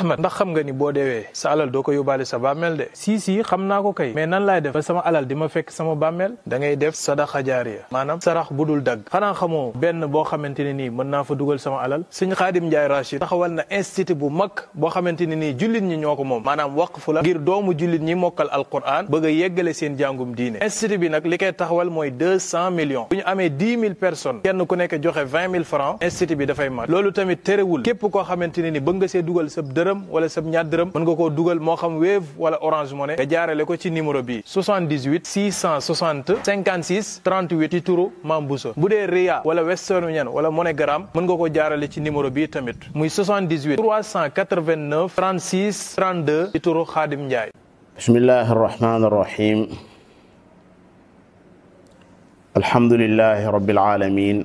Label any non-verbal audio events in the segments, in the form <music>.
Ahmed ndax xam nga ni boo deewee sa alal doo ko yóbbaale sa bàmmeel de si xam naa ko kay mais nan laay def sama alal di ma fekk sama bàmmeel da ngay def sadaxa jaariya maanaam sarax bu dagg xanaa xamoo benn boo xamante nii mën naa fa dugal sama alal suñu xaadim Njaay Rachid taxawal na institut bu mag boo xamante nii jullit ñi ñoo ko moom maanaam waqfu la ngir doomu jullit ñi mokkal alquran bëgg a yeggale seen jàngum diine institut bi ni bëgg nga see dugal dërëm wala sa ñaar dërëm mën nga koo dugal moo xam Wave wala Orange Money nga jaarale ko ci numéro bii 78 660 56 38 ci turu bu dee Ria wala Western Union wala MoneyGram mën nga koo jaarale ci numéro bii tamit muy 78 389 36 32 ci turu Khadim Ndiaye bismillahi arrahmani arrahim alhamdulillahi rabbil alamin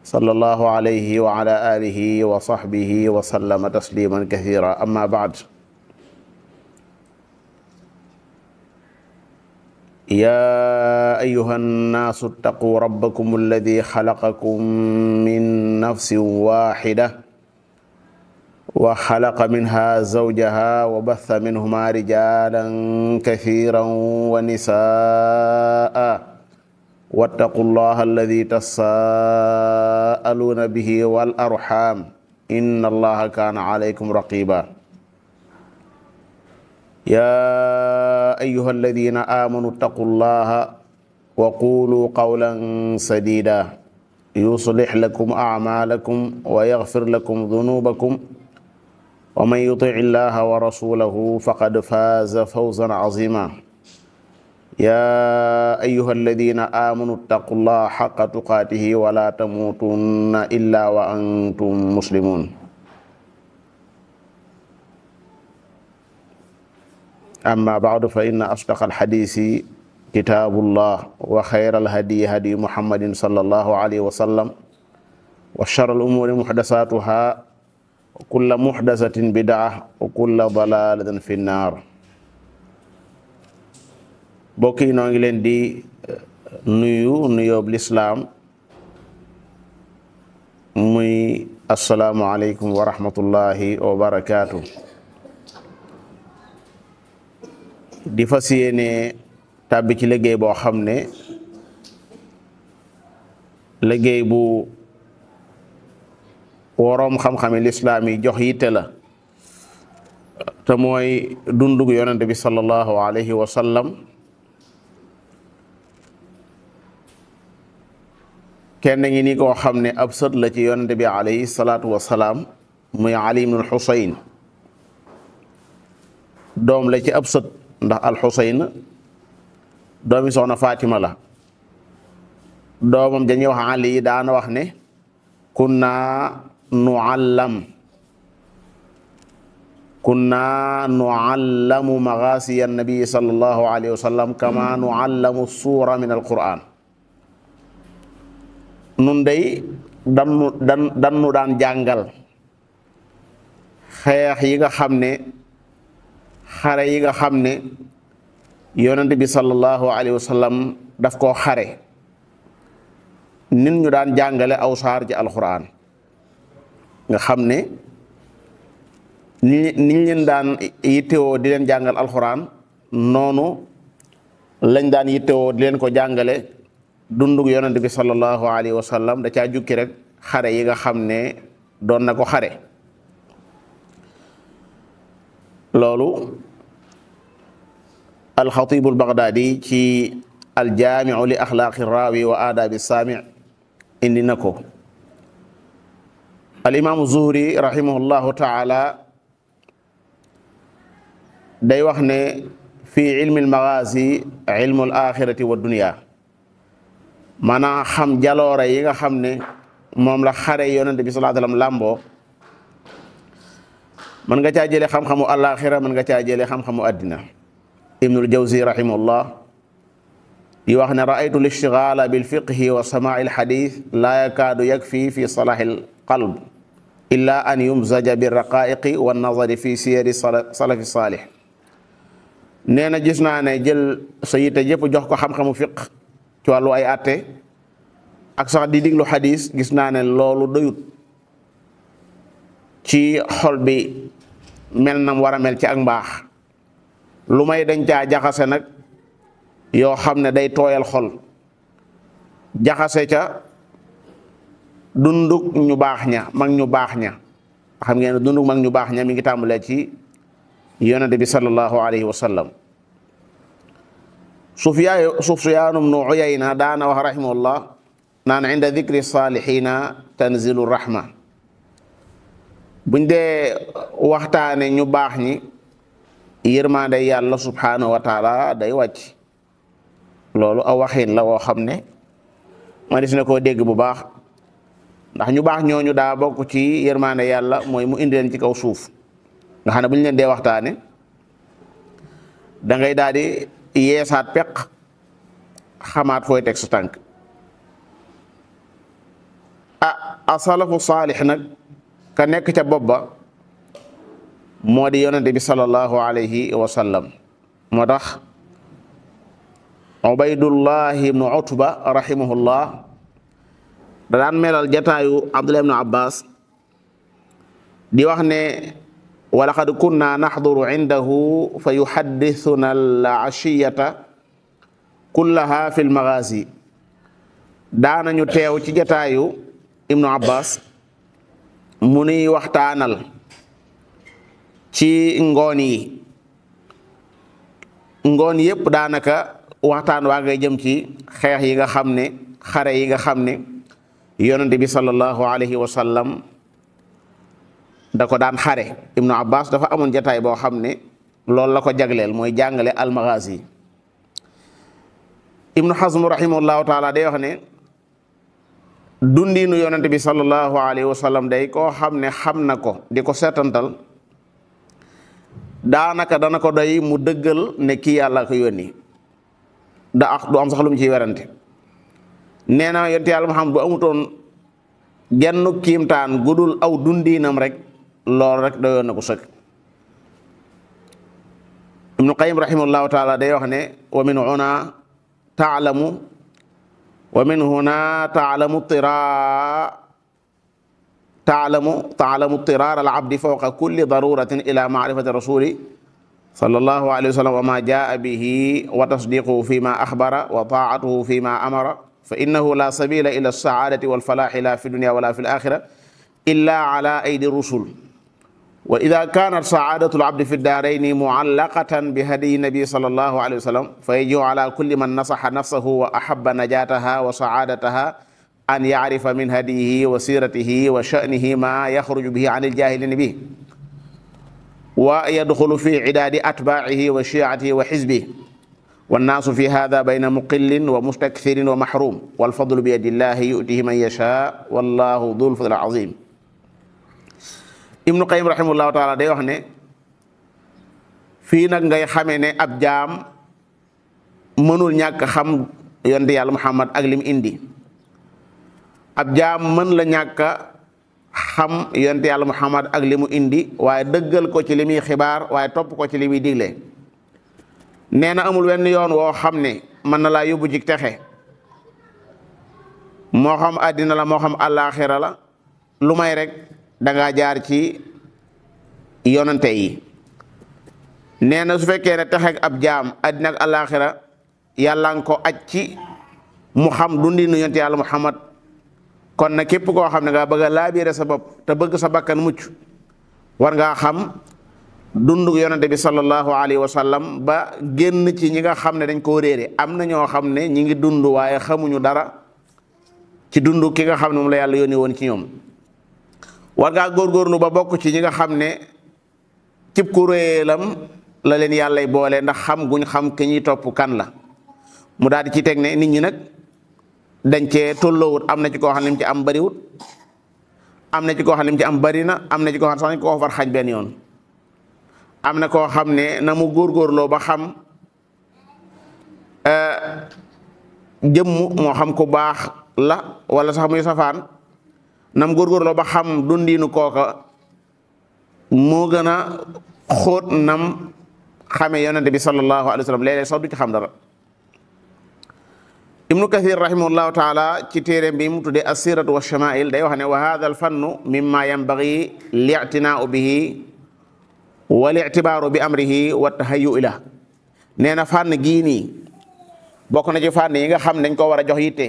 sallallahu alayhi wa ala alihi wa sahbihi wa sallama tasliman kathira amma baad يا أيها الناس اتقوا ربكم الذي خلقكم من نفس واحدة وخلق منها زوجها وبث منهما رجالا كثيرا ونساء wattaqu llaha alladi tasaaluuna bihi wal arxam inna allaha kaana alaykum raqiba yaa ayuha alladina amanu ttaqu llaha wa qulu qawlan sadida yuslix lakum acmaalakum wa yaxfir lakum dunubakum wa man yutic illaha wa rasulahu faqad faaza fawzan cazima يا أيها الذين آمنوا اتقوا الله حق تقاته ولا تموتن إلا وأنتم مسلمون أما بعد فإن أصدق الحديث كتاب الله وخير الهدي هدي محمد صلى الله عليه وسلم وشر الأمور محدثاتها وكل محدثة بدعة وكل ضلالة في النار mbokk yi noo ngi leen di uh, nuyu nuyoob lislaam muy asalaamualeykum wa rahmatullahi wa di fas yéene tàbbi ci liggéey boo xam ne liggéey bu woroom xam-xami lislaam yi jox yitte la te mooy dundug yonente bi sallallahu alayhi wa kenn ngi ni koo xam ne ab sët la ci yonente bi alayhi salaatu wasalaam muy ali ibn al doom la ci ab sët ndax al xusayn doomi soxna fatima la doomam dañuy wax ali daan wax ne kunna nuallam kunna nuallamu magaasiya nabi sallallahu alayhi wa sallam kama nuallamu suura min al quran nun day dannu dan dannu daan jàngal xeex yi nga xam ne xare yi nga xam ne yonent bi sallallahu alayhi wa daf koo xare nit ñu daan jàngale aw saar alxuraan nga xam ne ni niñ leen daan yittewoo di leen jàngal alxuraan noonu lañ daan yittewoo di leen ko jàngale dundug yonent bi sallallahu alayhi wa da caa jukki rek xare yi nga xam ne doon na ko xare loolu alxatibul bagdaadi ci aljaamiu li axlaaqi raawi wa aadaabi saami indi na ko alimaamu zuhri rahimahullahu taala day wax ne fi ilmi almagazi ilmu wa dunia maanaam xam jaloore yi nga xam ne moom la xare yonente bi sallallahu alayhi wasallam nga caa jëlee xam-xamu àllaaxira mën nga caa jëlee xam àddina ibnul wax ne raaytu lishtigala bilfiqhi wa samaai alxadis laa yakaadu yakfi fi salahi alqalb illa an yumzaja biraqaiqi wannazari fi siyari salafi saalih nee na gis naa ne jël sa yite yëpp jox ko xam-xamu fiq ci wàllu ay atte ak sax di diglu xadis gis naa ne loolu doyut ci xol bi mel nam war a mel ci ak mbaax lu may dañ caa jaxase nag yoo xam ne day tooyal xol jaxase ca dunduk ñu baax ña mag ñu baax ña xam ngeen dunduk mag ñu baax ña mi ngi tàmbalee ci yonente bi sallallahu alayhi wa sallam Sufyaan Sufyaanum nu Uyayna daana wax rahimahullah naan inda dikri saalihiina tanzilu rahma buñ dee waxtaane ñu baax ñi yërmaande yàlla subhaanahu wa day wàcc loolu a waxin la woo xam ne ma dis na koo dégg bu baax ndax ñu baax ñooñu daa bokk ci yërmaande yàlla mooy mu indi leen ci kaw suuf nga xam ne buñ leen dee waxtaane da ngay yeesaat peq xamaat fooy teg sa tànk ah asalafu saalix nag ka nekk ca bopp ba moo di yonente bi sallallahu alayhi wa moo tax ubaydullahi ibnu utba rahimahullah da daan melal jataayu abdullah ibnu abbas di wax ne wala laqad kunna naxduru indahu fa yuxaddisuna al-ashiyata kullaha fi lmagazi daanañu teew ci jataayu ibnu abbas mu nuy waxtaanal ci ngoon yi ngoon yépp daanaka waxtaan waa ngay jëm ci xeex yi nga xam ne xare yi nga xam ne yonente bi sallallahu alayhi wa da ko daan xare ibnu abbas dafa amoon jataay boo xam ne loolu la ko jagleel mooy jàngale almaghazi ibnu xasm rahimahullahu taala day wax ne dundiinu yonent bi sallallahu alayhi wa sallam day koo xam ne xam na ko di ko seetantal daanaka dana ko doy mu dëggal ne kii yàlla ko yónni da ak du am sax lu mu ciy werante nee na yonent yàlla xam bu amutoon genn kiimtaan gudul aw dundiinam rek loolu rek doyoon na ko sëkk ibnu qayim rahimahullahu taala day wax ne wa min huna taalamu wa min huna taalamu tira taalamu taalamu tiraar al abdi fawqa kulli daruratin ila maarifati rasuli sallallahu alayhi wa sallam wa ma jaa bihi wa tasdiquhu fi ma axbara wa taatuhu fi ma amara fa innahu la sabila ila alsaadati walfalaxi la fi dunia wala fi l axira illa ala aydi rusul wa ida kanat saadatu labdi fi daarayni muallaqatan bi hadiyi nabi sal allahu alayhi wa sallam fa yajibu ala kulli man nasaha nafsahu wa ahaba najataha wa saadataha an yacrifa min hadiyihi wa siratihi wa sha'nihi ma yaxruju bihi an iljahilina bi wa yadxulu fi cidaadi atbaacihi wa shiicatihi wa xizbihi wannaasu fi hada bayna muqillin wa mustakthirin wa mahrum walfadlu biyadi llahi yutihi man yashaa wallahu dul fadl azim ibnu qayyim rahimahullahu taala day wax ne fii nag ngay xame ne ab jaam mënul ñàkk xam yonent yàlla muhammad ak limu indi ab jaam mën la ñàkk xam yonent yàlla muhammad ak li mu indi waaye dëggal ko ci li muy xibaar waaye topp ko ci li digle nee na amul wenn yoon woo xam ne mën na laa yóbbu jik texe moo xam àddina la moo xam àllaaxira la lu may rek dangaa jaar ci yonante yi nee na su fekkee ne texeg ab jaam àddina ak alaaxira yàlla nga ko aj ci mu xam dundinu yonent yàlla mu Muhammad kon na képp koo xam ne nga bëgg a laabiire sa bopp te bëgg sa bakkan mucc war ngaa xam dunduk yonante bi sallallahu alayhi wa sallam ba génn ci ñi nga xam ne dañ koo réere am na ñoo xam ne ñi ngi dund waaye xamuñu dara ci dunduk ki nga xam ne moom la yàlla yónni woon ci ñoom war góor góorgóorlu ba bokk ci ñi nga xam ne cib lam la leen yàllay boole ndax xam guñ xam ki ñuy topp kan la mu daal di ci teg nit ñi nag dañ cee tolloowut am na ci koo xam ne mu ci am bariwut am na ci koo xam ne mu ci am bari na am na ci ko xam ne koo far xañ benn yoon am na koo xam ne na mu góorgóorloo ba xam eh, jëmm moo xam ku baax la wala sax muy safaan nam góorgóorloo ba xam dundiinu kooka moo gën a xóot nam xamee yonente bi sallallahu alayhi wa sallam léeg-léeg sax du ci xam dara ibnu kathir rahimahullahu taala ci téere bi mu tuddee assiratu wa shamail day wax ne wa hada al fannu mimma yanbaghi li'tinaau bihi wal i'tibaaru bi amrihi wa tahayyu ila nee na fànn gii nii bokk na ci fànn yi nga xam dañ ko war a jox yitte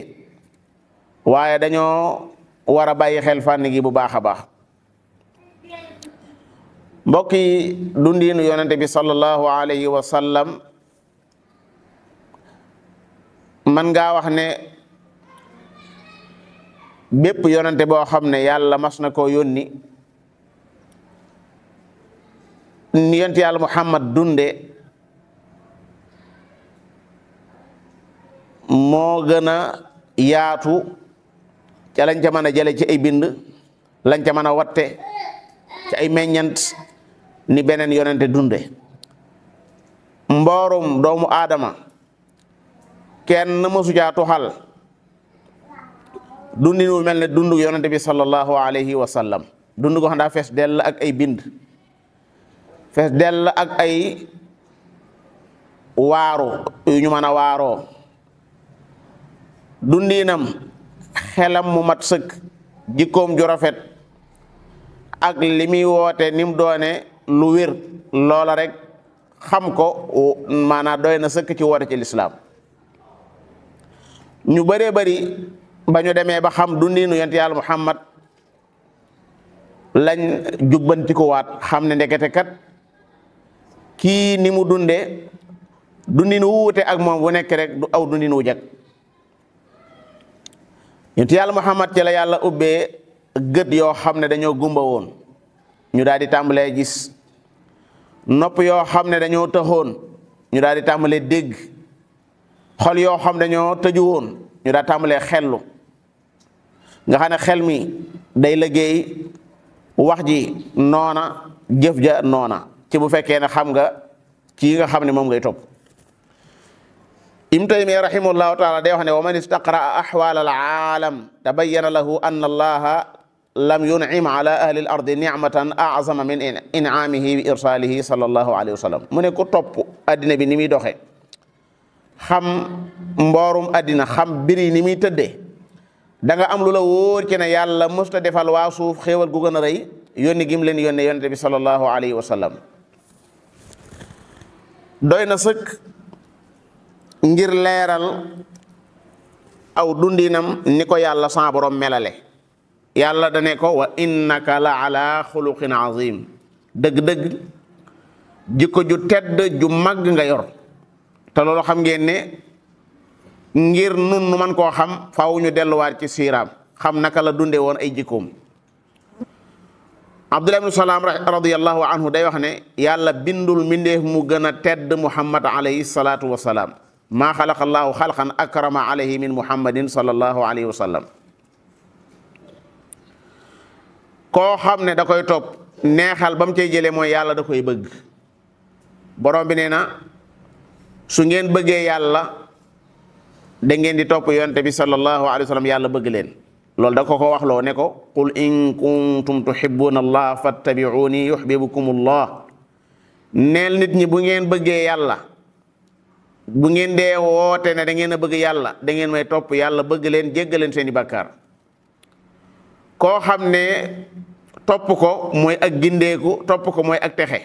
waaye dañoo war a bàyyi xel fànn gi bu baax a baax mbokk yi dundiinu yonente bi sallallahu alayhi wa sallam man ngaa wax ne bépp yonante boo xam ne yàlla mas na koo yónni ni yonent yàlla Muhammad dunde moo gën a yaatu ca lañ ca mën a jële ci ay bind lañ ca mën a watte ci ay meññant ni beneen yonente dunde mboorum doomu aadama kenn mësu caa tuxal dundin wu mel ne dund yonente bi sallallahu alayhi wa sallam dund ko xam daa dell ak ay bind fees dell ak ay waaru yu ñu mën a waaroo dundinam xelam mu mat sëkk jikkoom ju rafet ak li muy woote ni mu doone lu wér loola rek xam ko maanaam doy na sëkk ci woote ci lislaam ñu bëree bari ba ñu demee ba xam dundinu yonent yàlla Muhammad lañ jubbantikuwaat xam ne ndekete kat kii ni mu dunde dundin wu wuute ak moom wu nekk rek du aw dundin wu jag yonent yàlla Muhammad ci la yàlla ubbee gët yoo xam ne dañoo gumba woon ñu daal di tàmbalee gis nopp yoo xam ne dañoo tëxoon ñu daal di tàmbalee dégg xol yoo xam dañoo tëju woon ñu daal tàmbalee xellu nga xam ne xel mi day liggéey wax ji noona jëf ja noona ci bu fekkee ne xam nga ci nga xam ne moom ngay topp Ibn Taymiyya rahimahullahu taala day wax ne wa man istaqraa a al aalam tabayyana lahu anna allaha lam yunim ala ahli l ardi nicmatan azama min incaamihi bi irsaalihi mu ne ku topp addina bi ni muy doxee xam addina xam biri ni muy tëddee da am lu la wóor ci ne yàlla mësta defal waa suuf xéewal gu gën a rëy yónni gim leen yónne alayhi wa doy na sëkk ngir leeral aw dundinam ni ko yàlla sa melale yàlla dane ko wa innaka la ala xuluqin azim dëgg-dëgg jikko ju tedd ju màgg nga yor te loolu xam ngeen ne ngir nun nu man koo xam faaw delluwaat ci siiraam xam naka la dunde woon ay jikkoom abdullah ibnu salaam radiallahu anhu day wax ne yàlla bindul mbindeef mu gën a tedd muhammad alayhi salaatu wasalaam maa xalaqa llaahu xalqan akrama alayhi min muhammadin sallallahu alayhi wa sallam koo xam ne da koy topp neexal ba mu cay jëlee mooy yàlla da koy bëgg borom bi nee na su ngeen bëggee yàlla da ngeen di topp yonte bi sallallahu alayhi wa sallam yàlla bëgg leen loolu da ko ko wax loo ne ko qul in kuntum tuhibbuna allah fattabi'uni yuhibbukum allah neel nit ñi bu ngeen bëggee yàlla bu ngeen dee woote ne da ngeen a bëgg yàlla da ngeen may topp yàlla bëgg leen jéggaleen seeni bàkkaar koo xam ne topp ko mooy ak gindeeku topp ko mooy ak texe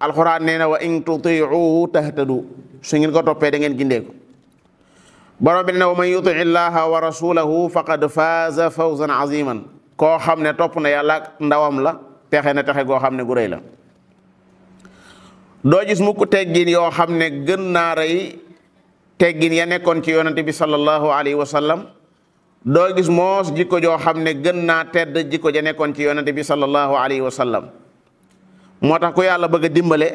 alxuraan nee na wa in tutiuhu tahtadu su ngeen ko toppee da ngeen gindeeku borom bi nee na wa man yuti illaha wa rasulahu faqad faaza fawzan aziman koo xam ne topp na yàlla ak ndawam la texe na texe goo xam ne gu rëy la doo gis mukk teggin yoo xam ne gën naa rëy teggin ya nekkoon ci yonante bi sallallahu alayhi wa sallam doo gis moos jikko joo xam ne gën naa tedd jikko ja nekkoon ci yonante bi sallallahu alayhi wa sallam moo tax ku yàlla bëgg a dimbale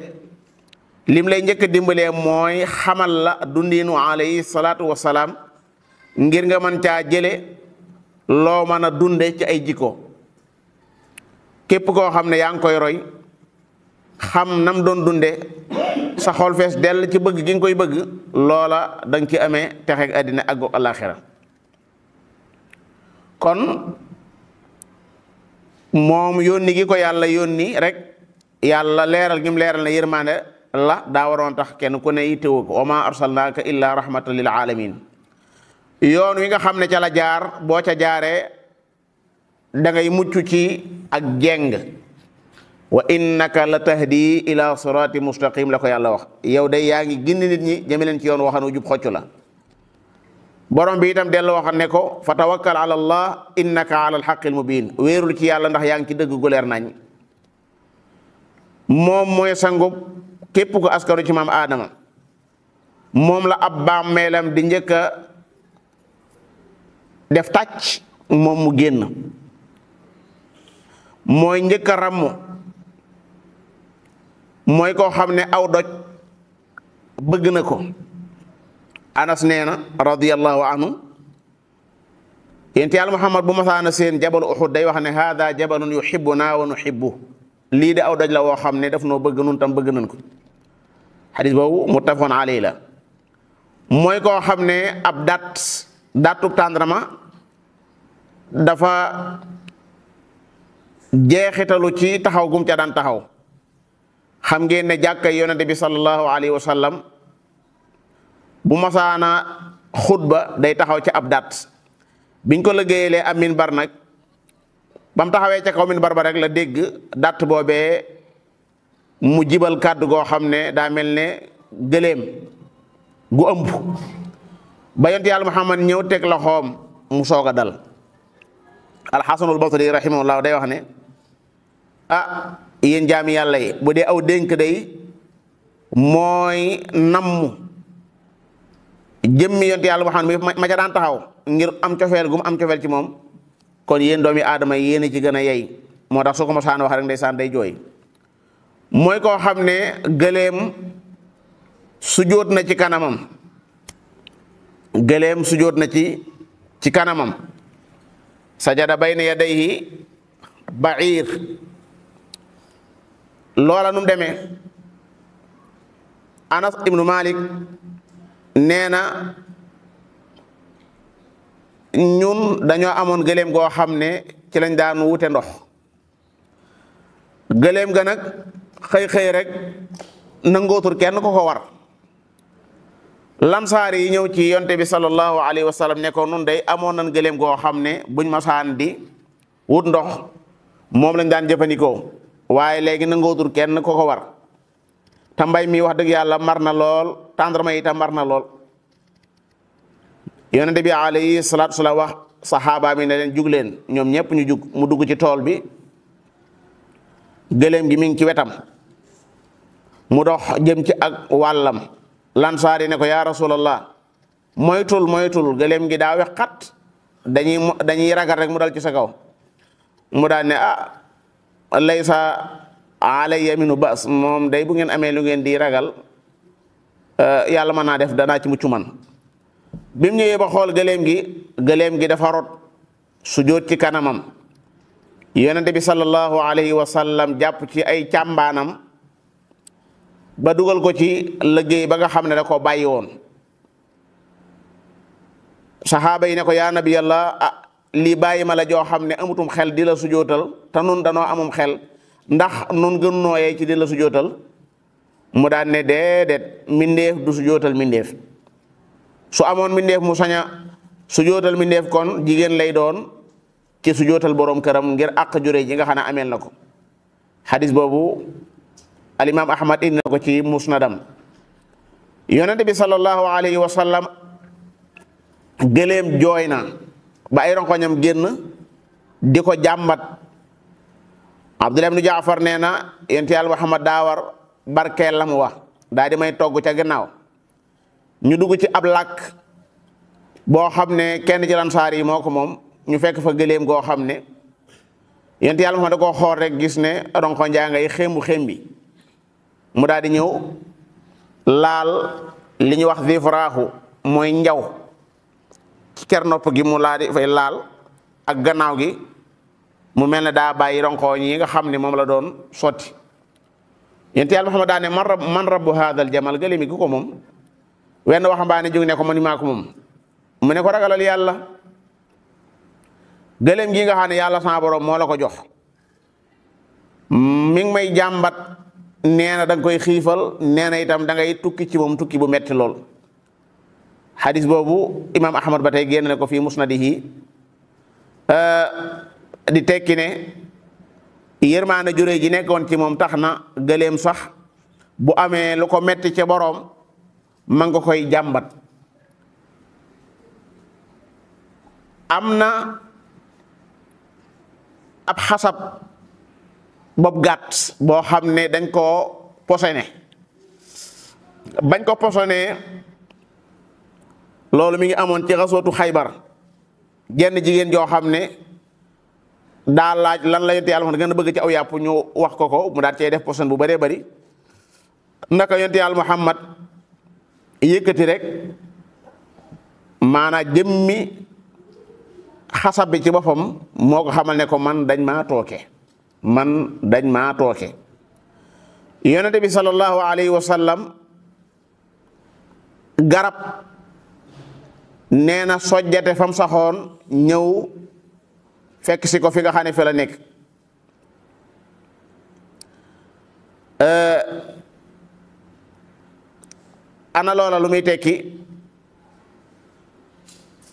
lim lay njëkk a dimbalee mooy xamal la dundiinu alayhi salaatu wa salaam ngir nga mën caa jële loo mën a dunde ci ay jikko képp koo xam ne yaa ngi koy roy xam nam doon dunde sa xool fees dell ci bëgg gi nga koy bëgg loola da ci ame texeg àddina ak goog àllaaxira kon moom yónni gi ko yàlla yónni rek yàlla leeral gi mu leeral na yërmaande la daa waroon tax kenn ku ne yittewu wa ma arsalnaaka illa rahmatan lil alamin yoon wi nga xam ne ca la jaar boo ca jaaree dangay ngay mucc ci ak jeng wa innaka la tahdi ila sirati mustaqim la ko yàlla wax yow day yaa ngi gindi nit ñi jëme ci yoon waxanu jub xoccu la borom bi itam dellu waxan ne ko fa tawakkal ala allah innaka ala alxaqil mubin wéerul ci yàlla ndax yaa ngi ci dëgg gu leer nañ moom mooy sangub képp ko askaru ci maam aadama moom la ab baam meelam di njëkk a def tàcc moom mu génn mooy njëkk a mooy koo xam ne aw doj bëgg na ko anas nee na radiallahu anhu yénti yàlla muhammad bu masaana seen jabalu uxud day wax ne hada jabalun yuhibbuna wa nuhibbu lii de aw doj la woo xam ne daf noo bëgg nun tam bëgg nañ ko xadis boobu muttafaqun alayhi la mooy koo xam ne ab daat datub tàndrama dafa jeexitalu ci taxaw gum ca daan taxaw xam ngeen ne jàkka yonente bi sallallahu alayhi wa bu masaana xutba day taxaw ci ab dat biñ ko liggéeyalee am minbar nag bam taxawee ca kaw minbar ba rek la dégg dat boobee mu jibal kàddu goo xam ne daa mel ne gëléem gu ëmb ba yonent yàlla Muhammad ñëw teg loxoom mu soog a dal alxasanul basri rahimahullah day wax ne ah yéen jaami yàlla yi bu dee aw dénk day mooy namm jëmmi yonent yàlla boo xam ne ma daan taxaw ngir am cofeel gu mu am cofeel ci moom kon yéen doomi aadama yéen a ci gën a yey moo tax su ko ma saan wax rek ndeysaan day jooy mooy koo xam ne gëleem sujjóot na ci kanamam gëléem sujjóot na ci ci kanamam sajada bayna yadayhi ba'iir loola nu mu demee Anas ibnu Malik nee na ñun dañoo amoon gëléem goo xam ne ci lañ daan wute ndox gëléem ga nag xëy-xëy rek nangootul kenn ko ko war lamsaar yi ñëw ci yonte bi sallallahu alayhi wa sallam nun day amoon nan gëléem goo xam ne buñ masaan di wut ndox moom lañ daan jëfandikoo waaye léegi nangootul kenn ko ko war te mbay mi wax dëgg yàlla mar na lool tàndarma yi itam mar na lool yonente bi alayhi salaatu salaam wax saxaaba mi ne leen jug leen ñoom ñëpp ñu jug mu dugg ci tool bi gëléem gi mi ngi ci wetam mu dox jëm ci ak wàllam lansaar yi ne ko yaa rasulallah moytul moytul gëléem gi daa wex xat dañuy dañuy ragal rek mu dal ci sa kaw mu daal ne ah laysa alayya minu baas moom day bu ngeen amee lu ngeen di ragal euh, yàlla mën naa def danaa ci mucc man bi mu ba xool gëléem gi gëléem gi dafa rot sujjóot ci kanamam yonente bi sallallahu alayhi wa sallam jàpp ci ay càmbaanam ba dugal ko ci liggéey ba nga xam ne da koo bàyyi woon saxaaba yi ne ko yaa nabiyallah lii bàyyi ma la joo xam ne amutum xel dila la sujootal te nun danoo amum xel ndax nun gën nooyee ci di la sujootal mu daan ne déedéet mbindeef du sujootal mbindeef su amoon mbindeef mu saña sujootal mbindeef kon jigéen lay doon ci sujootal boroom këram ngir àq jure ji nga xam ne ameel na ko xadis boobu alimaam ahmad indi na ko ci musnadam yonente bi sallallahu alayhi wa sallam gëléem jooy na ba ay ronkoñam génn di ko jàmbat Abdullah ibn Jaafar nee na yonent yàlla Muhammad daa war barkeel la mu wax daa di may togg ca ginnaaw ñu dugg ci ab lakk boo xam ne kenn ci lansaar yi moo moom ñu fekk fa gëléem goo xam ne yonent yàlla Muhammad da koo xool rek gis ne ronkoñ jaa ngay xémbu xémbi mu daal di ñëw laal li ñu wax zifraahu mooy njaw ci ker nopp gi mu laa di fay laal ak gannaaw gi mu mel ne daa bàyyi ronkooñ yi nga xam ni moom la doon sotti yénti yàlla Muhammad daa ne man rab man rabbu haadal jamal gëlëm gi ko moom wenn waxambaane jóg ne ko man moom mu ne ko ragalal yàlla gëlëm gi nga xam ne yàlla sama moo la ko jox mi ngi may jàmbat nee na da koy xiifal nee na itam da ngay tukki ci moom tukki bu metti lool xadis boobu imaam ahmad ba tey génn ko fii musnadihi eh, di tekki ne yërmaana jure ji nekkoon ci moom tax na gëléem sax bu amee lu ko metti ci boroom ma nga koy jàmbat am na ab xasab bob gàtt boo xam ne dañ koo posone bañ ko posone loolu mi ngi amoon ci xasootu xaybar genn jigéen joo xam ne daa laaj lan la yonte yàlla Muhammad gën a bëgg ci aw yàpp ñu wax ko mu daal cey def bu bëree bëri naka yonte yàlla Muhammad yëkkati rek maanaa jëmmi xasab bi ci boppam moo ko xamal ne ko man dañ maa tooke man dañ maa tooke yonente bi sallallahu alayhi wa sallam garab nee na sojjate fam saxoon ñëw fekk si ko fi nga xam ne fi nekk eh, ana loola lu muy tekki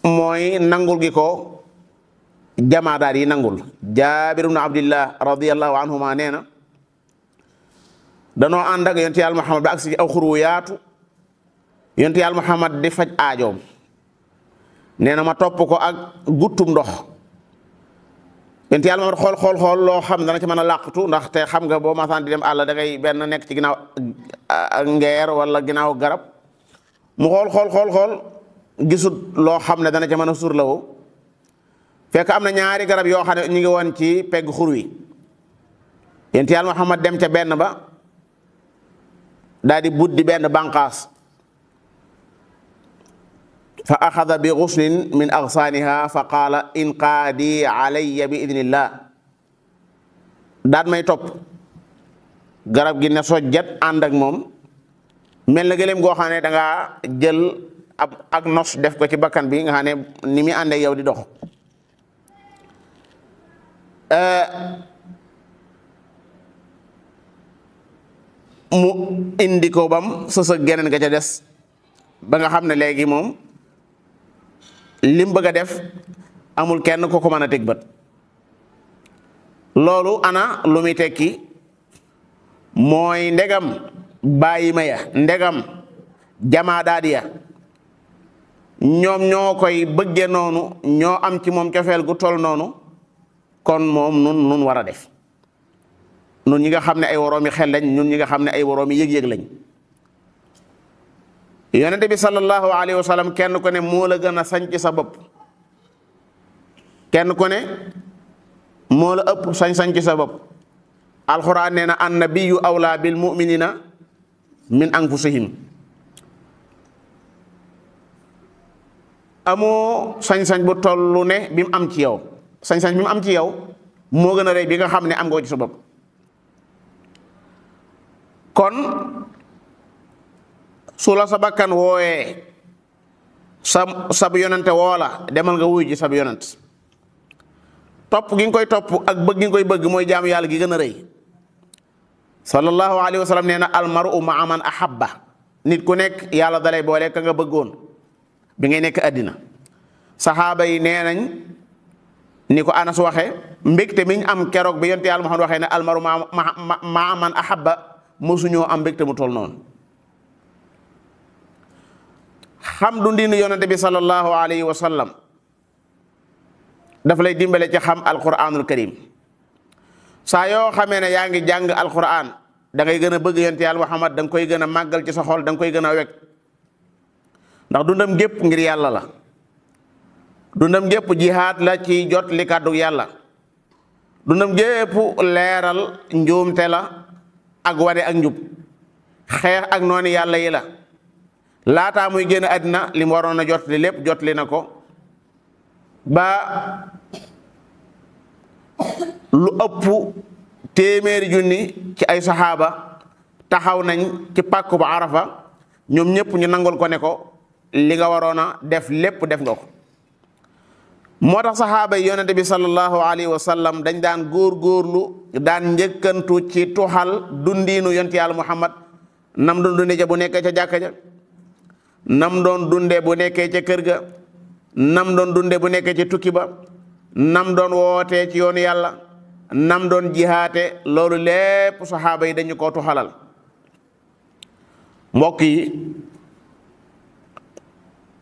mooy nangul gi ko jamaa yi nangul jaabir ibnu abdillah radiallahu anhuma nee na danoo ànd ak yonti yàlla muhammad ba agsi aw yaatu yonti yàlla muhammad di faj aajoom nee na ma topp ko ak guttum ndox yonent yàlla Muhammad xool xool xool loo xam dana ci mën a làqatu ndax te xam nga boo masaan di dem àll da benn nekk ci ginnaaw ngeer wala ginnaaw garab mu xool xool xool xool gisut loo xam ne dana ci mën a surlawu fekk am na ñaari garab yoo xam ne ñu ngi woon ci pegg xur wi yonent yàlla Muhammad dem ca benn ba daal di buddi benn bànqaas fa axada bi guslin min aghsaaniha fa qaala inqaadi alayya bi idnillah daan may topp garab gi ne sojjat ànd ak moom mel na gëléem goo xam danga jël ab ak nos def ko ci bakkan bi nga xam ne ni muy àndee ak yow di dox mu indi ko bam sësëg geneen nga ca des ba nga xam ne léegi moom lim bëgg a def amul kenn ku ko mën a teg bët loolu ana lu muy tekki mooy ndegam bàyyi ma ya ndegam jamaa daadi ya ñoom ñoo koy bëggee noonu ñoo am ci moom cofeel gu tol noonu kon moom nun nun war a def nun ñi nga xam ne ay woroomi xel lañ ñun ñi nga xam ne ay woroomi yëg-yëg lañ yonente bi sallallahu alayhi wa sallam kenn ko ne moo la gën a sañ ci sa kenn ku ne moo la ëpp sañ-sañ ci sa bopp alxuraan ne na an nabiyu awla bil muminina min anfusihim amoo sañ-sañ bu toll ne bi mu am ci yow sañ-sañ bi mu am ci yow moo gën a rey bi nga xam ne am nga ci sa bopp kon su la sa bakkan wooyee sa sab yonente woola demal nga wuyu ji sab yonent topp gi koy topp ak bëgg koy bëgg mooy jaamu yàlla gi gën a rëy sallallahu alayhi wa sallam nee na almaru ma man ahabba nit ku nekk yàlla dalay boole ka nga bëgg woon bi ngay nekk àddina saxaaba yi nee nañ ni ko anas waxe mbégte mi am keroog bi yonte yàlla Muhammad waxee ne almaru maa man ahabba mosuñoo am mbégte mu toll noonu xam du dundinu yonente bi sallallahu alayhi wa sallam daf lay dimbale ci xam alquranul karim saa yoo xamee ne yaa ngi jàng alquran da ngay gën a bëgg yonent yàlla Muhammad da nga koy gën a màggal ci sa xol danga koy gën a wekk ndax dundam gépp ngir yàlla la dundam gépp jihaad la ci jot li kàddu yàlla dundam gépp leeral njuumte la ak wane ak njub xeex ak noonu yàlla yi la laataa muy génn àddina li mu waroon a jotli lépp jotli na ko ba lu ëpp téeméeri junni ci ay saxaaba taxaw nañ ci pàkk bu arafa ñoom ñëpp ñu nangul ko ne ko li nga waroon a def lépp def nga ko moo tax saxaaba yi yonente bi sallallahu alayhi wa dañ daan góor-góorlu daan njëkkantu ci tuxal dundiinu yonent yàlla muhammad nam dundune ja bu nekk ca jàkka ja nam doon dunde bu nekkee ca kër ga nam doon dunde bu nekkee ca tukki ba nam doon wootee ci yoonu yàlla nam doon jihaate loolu lépp saxaaba yi dañu ko tuxalal mbokk yi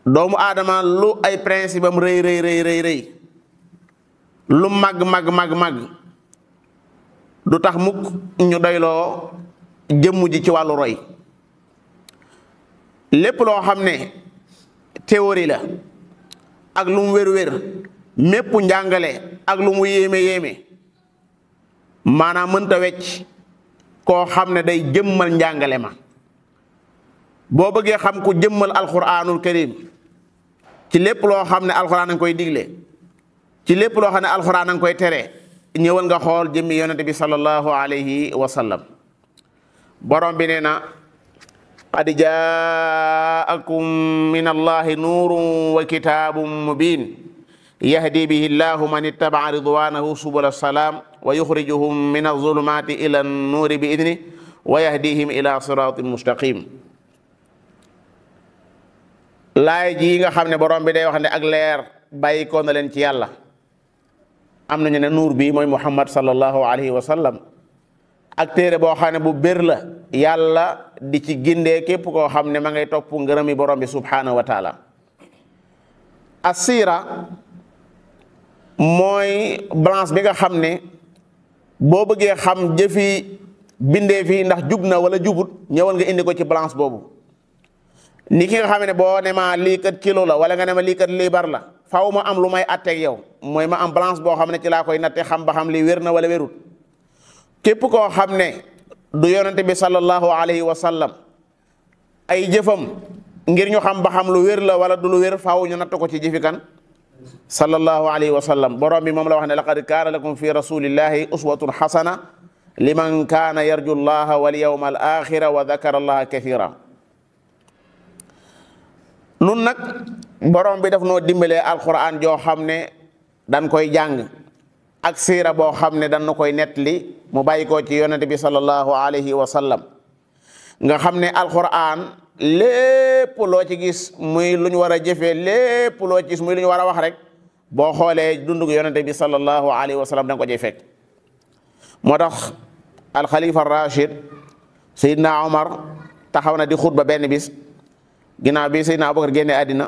doomu aadama lu ay principe am rëy rëy rëy rëy rëy lu mag mag mag mag du tax mukk ñu doyloo jëmm ji ci wàllu roy lépp loo xam ne théorie la ak lu mu wér-wér mépp njàngale ak lu mu yéeme-yéeme maanaam mënta wecc koo xam ne day jëmmal njàngale ma boo bëggee xam ku jëmmal alquranul karim ci lépp loo xam ne alquran a koy digle ci lépp loo xam ne alquran a koy tere ñëwal nga xool jëmmi yonente bi sallallahu alayhi wa borom bi nee na qad jaakum min allahi nuurun wa kitaabun mubiin yahdi bihi llahu man ittabaca ridwanahu subula salaam wa yuxrijuhum min alzulumaati ila annuuri bi idni wa yahdihim ila siraatin mustaqim laay ji nga xam ne borom bi day wax ne ak leer bàyyi ko na leen ci yàlla am nañu ne nuur bi mooy muhammad sallallahu alayhi wa sallam ak téere boo xam ne bu bér la yàlla di ci gindee képp koo xam ne ma ngay topp ngërëmi borom bi subhanahu wa taala asira mooy balance bi nga xam ne boo bëggee xam jëfi bindee fii ndax jub na wala jubut ñëwal nga indi ko ci balance boobu ni ki nga xam ne boo ne ma lii kat kilo la wala nga ne ma lii kat liibar la faaw ma am lu may atteeg yow mooy ma am balance boo xam ne ci laa koy natte xam ba xam lii wér na wala wérut képp koo xam ne du yonente bi sallallahu alayhi wa sallam ay jëfam ngir ñu xam ba xam lu wér la wala du lu wér faaw ñu natt ko ci jëfi kan sallallahu alayhi wa sallam borom bi moom la wax ne laqad kaana lakum fi nun nag borom bi daf noo dimbalee alquran joo xam ne dan koy jàng ak siira boo xam ne dañu koy nettali mu bàyyi koo ci yonente bi sallallahu alayhi wa sallam nga xam ne alquran lépp loo ci gis muy lu ñu war a jëfee lépp loo ci gis muy lu war a wax rek boo xoolee dundug yonente bi sallallahu alayhi wa sallam da nga fekk moo tax alxalifa rachid sayidna omar taxaw na di xutba benn bis ginnaaw bi sayidna abubakar génne àddina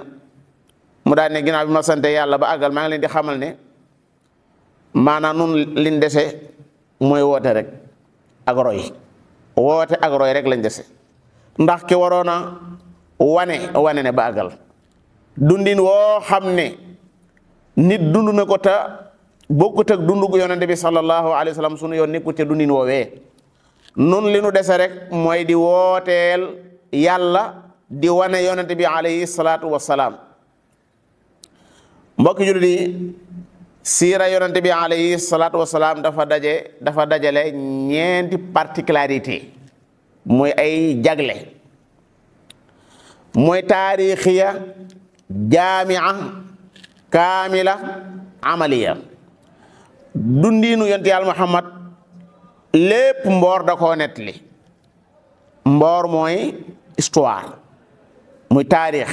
mu daal ne ginnaaw bi ma sante yàlla ba àggal maa ngi leen di xamal ne maanaam nun liñ dese mooy woote rek ak roy woote agroy rek lañ dese ndax ki waroon a wane wane ne ba àggal dundin woo xam ne nit dund na ko te bokkut ak dundu gu yonente bi sallallahu alayhi wa sallam sunu yoon nekkul ca dundin woowee nun li nu dese rek mooy di wooteel yàlla di wane yonente bi alayhi salaatu wa salaam mbokki jullit yi siira yonante bi alayhi salaatu wasalaam dafa daje dafa dajale ñeenti particularité muy ay jagle muy taarixiya jaamia kaamila amaliya dundiinu yonte yàlla muhammad lépp mboor da koo nettali mboor mooy histoire muy taarix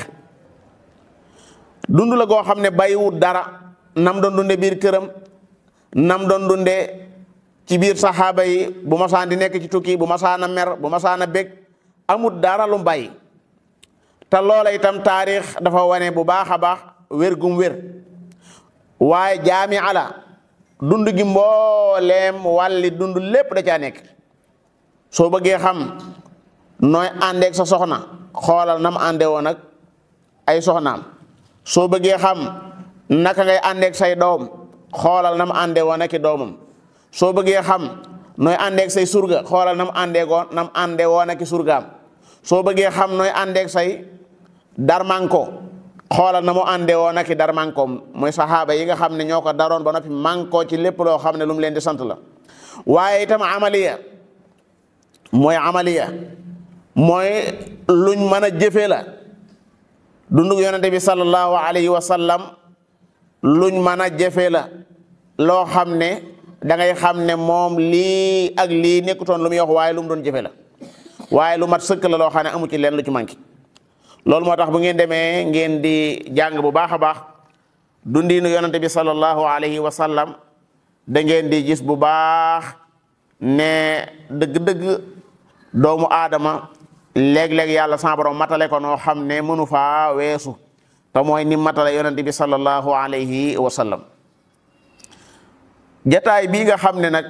dund la goo xam ne bàyyiwut dara nam doon dunde biir këram nam doon dunde ci biir saxaaba yi bu masaan di nekk ci tukki bu masaan a mer bu masaan a bég amut dara lu bàyyi te loola itam taarix dafa wane bu baax a baax wér gum wér waaye jaami ala dund gi mbooleem wàlli dund lépp da caa nekk soo bëggee xam nooy àndeeg sa soxna xoolal nam ànde woon ay soxnaam soo bëggee xam naka ngay àndeeg say doom xoolal na mu àndee woon ak i soo bëggee xam nooy àndeeg say surga xoolal na mu àndee woon na àndee woon ak surgaam soo bëggee xam nooy àndeeg say dar darmanko xoolal na mu àndee woon ak i darmankoom mooy saxaaba yi nga xam ne ñoo ko daroon ba noppi manko ci lépp loo xam ne lum leen di sant la waaye itam amaliya mooy amaliya mooy luñ mën a jëfee la dundug yonente bi sallallahu alayhi wa luñ mën a jëfe la loo xam ne dangay xam ne moom lii ak lii nekkutoon lu muy wax waaye lu mu doon jëfe la waaye lu mat sëkk la loo xam ne amu ci leen lu ci manqué loolu moo tax bu ngeen demee ngeen di jàng bu baax a baax dundiinu yonante bi sallallahu alayhi wa sallam da ngeen di gis bu baax ne dëgg-dëgg doomu aadama léeg-léeg yàlla sa borom matale ko noo xam ne mënu faa weesu te mooy ni matale yonent bi sallallahu alayhi wa sallam jataay bii nga xam ne nag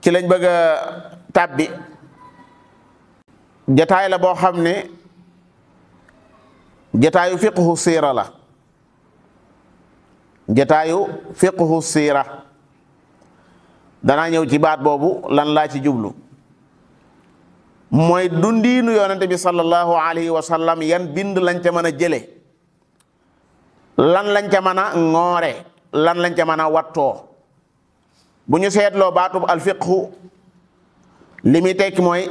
ci lañ bëgg a tàbbi jataay la boo xam ne jataayu fiqhu siira la jataayu fiqhu siira danaa ñëw ci baat boobu lan laa ci jublu mooy dundiinu yonente bi sallallahu alayhi wa sallam yan bind lañ ca mën jële lan lañ ca lan lañ ca mën a bu ñu seetloo baatub alfiqhu li muy tekki mooy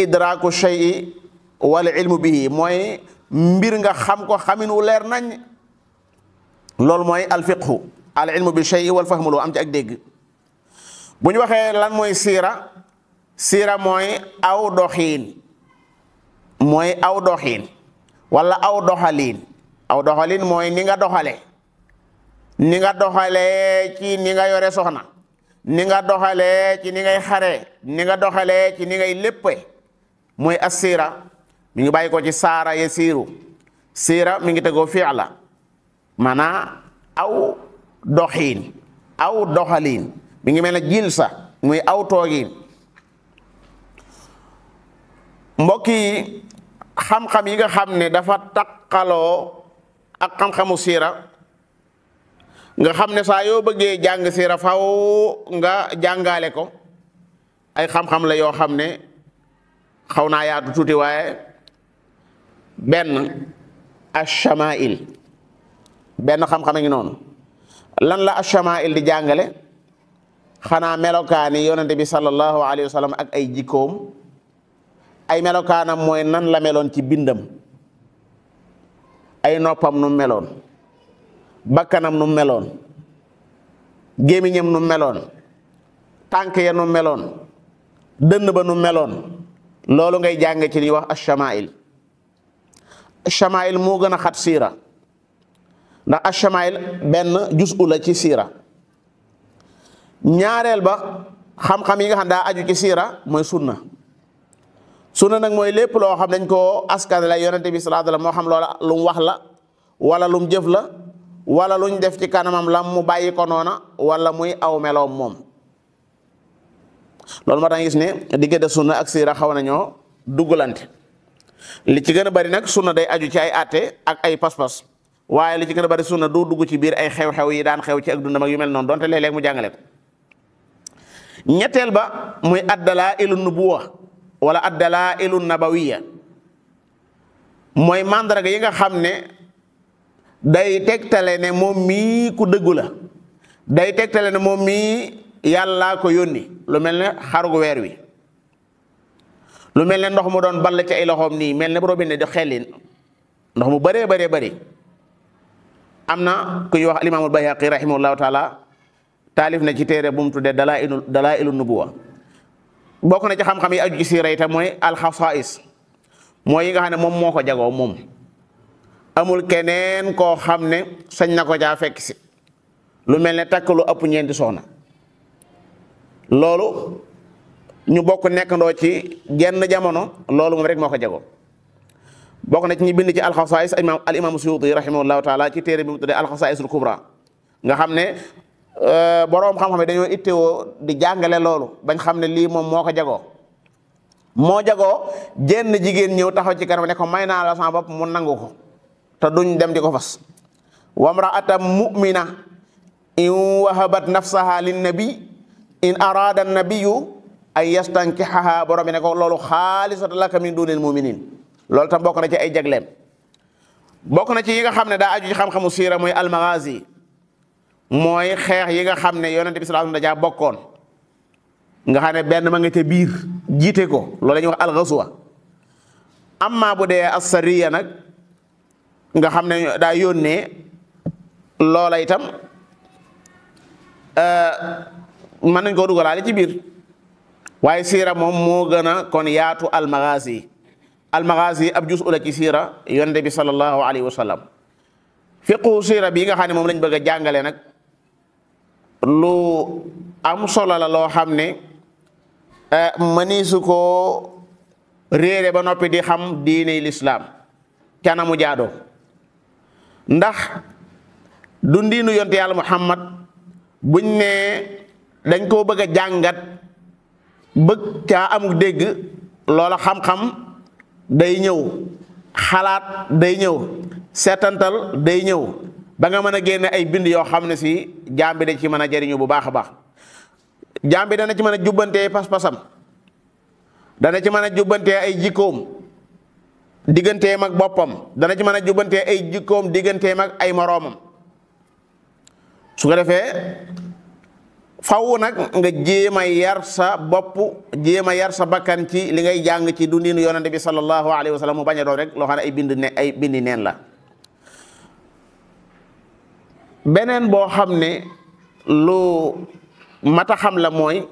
idraku shay'i wal ilmu bihi mooy mbir nga xam ko xamin wu leer nañ loolu mooy alfiqhu al ilmu bi shay'i wal fahmu loo am ci ak dégg bu ñu waxee lan mooy siira siira mooy aw doxiin mooy aw doxiin wala aw doxaliin aw doxaliin mooy ni nga doxale ni nga doxalee ci ni nga yore soxna ni nga doxalee ci ni ngay xare ni nga doxalee ci ni ngay léppe mooy asiira mi ngi bàyyi ko ci saara ye siiru siira mi ngi tegoo fi'la maanaa aw doxiin aw doxaliin mi ngi mel ne jilsa muy aw toogiin mbokk yi xam-xam yi nga xam ne dafa taqaloo ak xam-xamu siira nga xam ne saa yoo bëggee jàng siira faw nga jàngaale ko ay xam-xam la yoo xam ne xaw naa yaatu tuuti waaye benn ashamail benn xam-xam a ngi noonu lan la ashamail di jàngale xanaa melokaani yonente bi sallallahu alayhi wa sallam ak ay jikkoom ay melokaanam mooy nan la meloon ci bindam ay noppam nu meloon bakkanam nu meloon gémmiñam nu meloon tànk ya nu meloon dënn ba nu meloon loolu ngay jàng ci li wax achamail achamail moo gën a xat siira ndax achamail benn jusu la ci siira ñaareel ba xam-xam yi nga xam daa aju ci siira mooy sunna sunna nag mooy lépp loo xam dañ koo askan la yonente bi sallallahu moo xam loola lu mu wax la wala lu jëf la wala luñ def ci kanamam lam mu bàyyi ko noona wala muy aw meloom moom loolu moo tax ngis ne diggante sunna ak siira xaw nañoo duggalante li ci gën a bari nag sunna day aju ci ay àtte ak ay pas-pas waaye li ci gën a bari sunna du dugg ci biir ay xew-xew yi daan xew ci ak dundam ak yu mel noonu doonte léeg mu jàngale ko ñetteel ba muy addalaa ilu wala addalailu nabawiya mooy màndarga yi nga xam ne day tegtale ne moom mii ku dëggu la day tegtale ne moom mii yàllaa ko yónni lu mel ne xarugu weer wi lu mel ne ndox mu doon ball ci ay loxoom nii mel ne bu robinet di xellin ndox mu bëree bëree bari am na ku ñuy wax alimaamul bayhaqi rahimahullahu taala taalif na ci téere bu mu tuddee dalailu dalailu nubuwa bokk na ci xam-xam yi aju ci siira itam mooy alxasaais mooy yi nga xam ne moom moo ko jagoo moom amul keneen koo xam ne sañ na ko caa fekk si lu mel ne takk lu ëpp ñeenti soxna loolu ñu bokk nekkandoo ci genn jamono loolu moom rek moo ko jagoo bokk na ci ñi bind ci alxasaais imam al imam suyuti rahimahullahu taala ci téere bi mu tuddee alxasaisul kubra nga xam ne Euh, boroom xam-xam yi dañoo ittewoo di jàngale loolu bañ xam ne lii moom moo ko jagoo moo jagoo jenn jigéen ñëw taxaw ci kanam ne ko may naa la sama bopp mu nangu ko te duñ dem di ko fas wamra'atan mu'mina in wahabat nafsaha linnabi in arada nabiyu ay yastankihaha borom bi ne ko loolu xaalisatan laka min dunil muminin loolu tam bokk na ci ay jagleem bokk na ci yi nga xam ne daa aju ci xam-xamu siira mooy mooy xeex yi nga xam ne yonent bi sallallahu alayhi wasallam dajaa bokkoon nga xam ne benn ma nga ca biir jiite ko loolu la ñuy wax alxaswa amma bu dee asariya nag nga xam ne daa yónnee loola itam euh, mën nañ koo dugalaale ci biir waaye siira moom moo gën a kon yaatu almagaasi almagaasi ab jus ula ci siira yonent bi sallallahu alayhi wasallam fiqu siira bii nga xam ne moom lañ bëgg a jàngale nag lu am solo la loo xam ne eh, mënisu koo réere ba noppi di xam diine lislaam cana mu jaadoo ndax du ndiinu yonte yàlla muhammad buñ ne dañ koo bëgg a jàngat bëgg caa amuk dégg loola xam-xam day ñëw xalaat day ñëw seetantal day ñëw ba nga mën a génne ay bind yoo xam ne si jaam bi dañ ci mën a jariñu bu baax a baax jaam dana ci mën a jubbantee pas-pasam dana ci mën a jubbantee ay jikkoom digganteem mag boppam dana ci mën a jubbantee ay jikkoom digganteem ak ay moroomam su ko defee faw nag nga jéem a yar sa bopp jéem a yar sa bakkan ci li ngay jàng ci dundinu yonente bi sallallahu alayhi wa sallam mu bañ a doon rek loo xam ne ay bind ne ay bindi neen la beneen boo xam ne lu mat a xam la mooy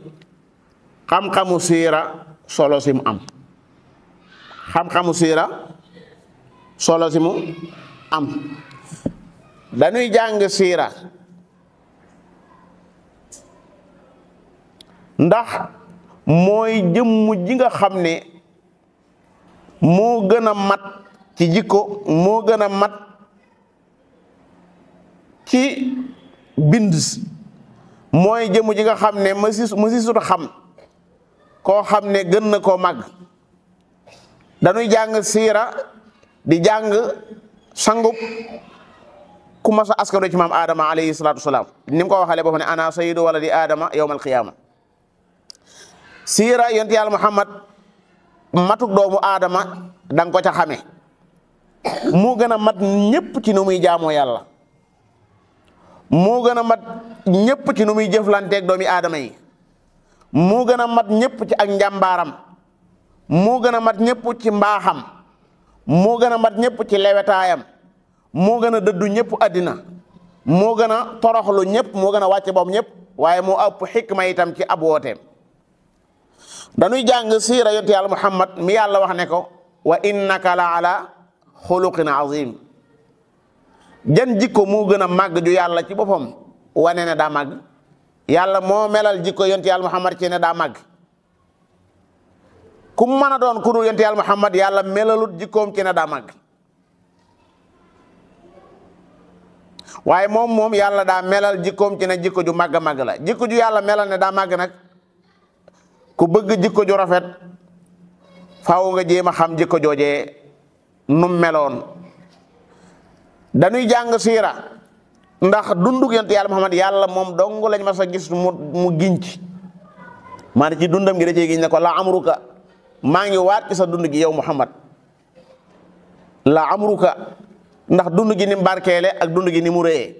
xam-xamu siira solo si am xam-xamu solo si am dañuy jàng siira ndax mooy jëmmu jinga xam ne moo gën a mat ci jikko moo gën a mat ci bind mooy jëmu ji nga xam ne mësi mësi sut xam koo xam ne gën na koo màgg dañuy jàng siira di jàng sangub ku mas a askano ci maam Adama alayhi salaatu salaam ni mu ko waxalee boo xam ne ana sayyidu wala di Adama yawmal qiyaama siira yonti yàlla Muhammad matuk doomu Adama da nga ko ca xamee mu gën a mat ñëpp ci nu muy jaamoo yàlla moo gën a mat ñëpp ci nu muy jëflanteeg doomi aadama yi moo gën a mat ñëpp ci ak njàmbaaram moo gën a mat ñëpp ci mbaaxam moo gën a mat ñëpp ci lewetaayam moo gën a dëddu ñëpp àddina moo gën a toroxlu ñëpp moo gën a wàcce bopp ñëpp waaye moo ëpp xikma itam ci ab wooteem dañuy jàng siira yonte yàlla muhammad mi yàlla wax ne ko wa innaka la ala xuluqin azim jan jikko moo gën a màgg ju yàlla ci boppam wane ne daa màgg yàlla moo melal jikko yonti yàlla muhammad ci ne daa màgg ku mën a doon ku dul yonti yàlla muhammad yàlla melalut jikkoom ci ne daa màgg waaye moom moom yàlla daa melal jikkoom ci jikko ju màgg màgg la jikko ju yàlla melal ne daa màgg nag ku bëgg jikko ju rafet faaw nga jéem a xam jikko joojee num meloon dañuy jàng siira ndax dundug yonent yàlla Muhammad yàlla moom dong lañ mas a gis mu mu ginc maa ci dundam gi da cee giñ ne ko la amruka maa ngi waat ci sa dund gi yow Muhammad la amruka ndax dund gi ni mu ak dund gi ni mu rëyee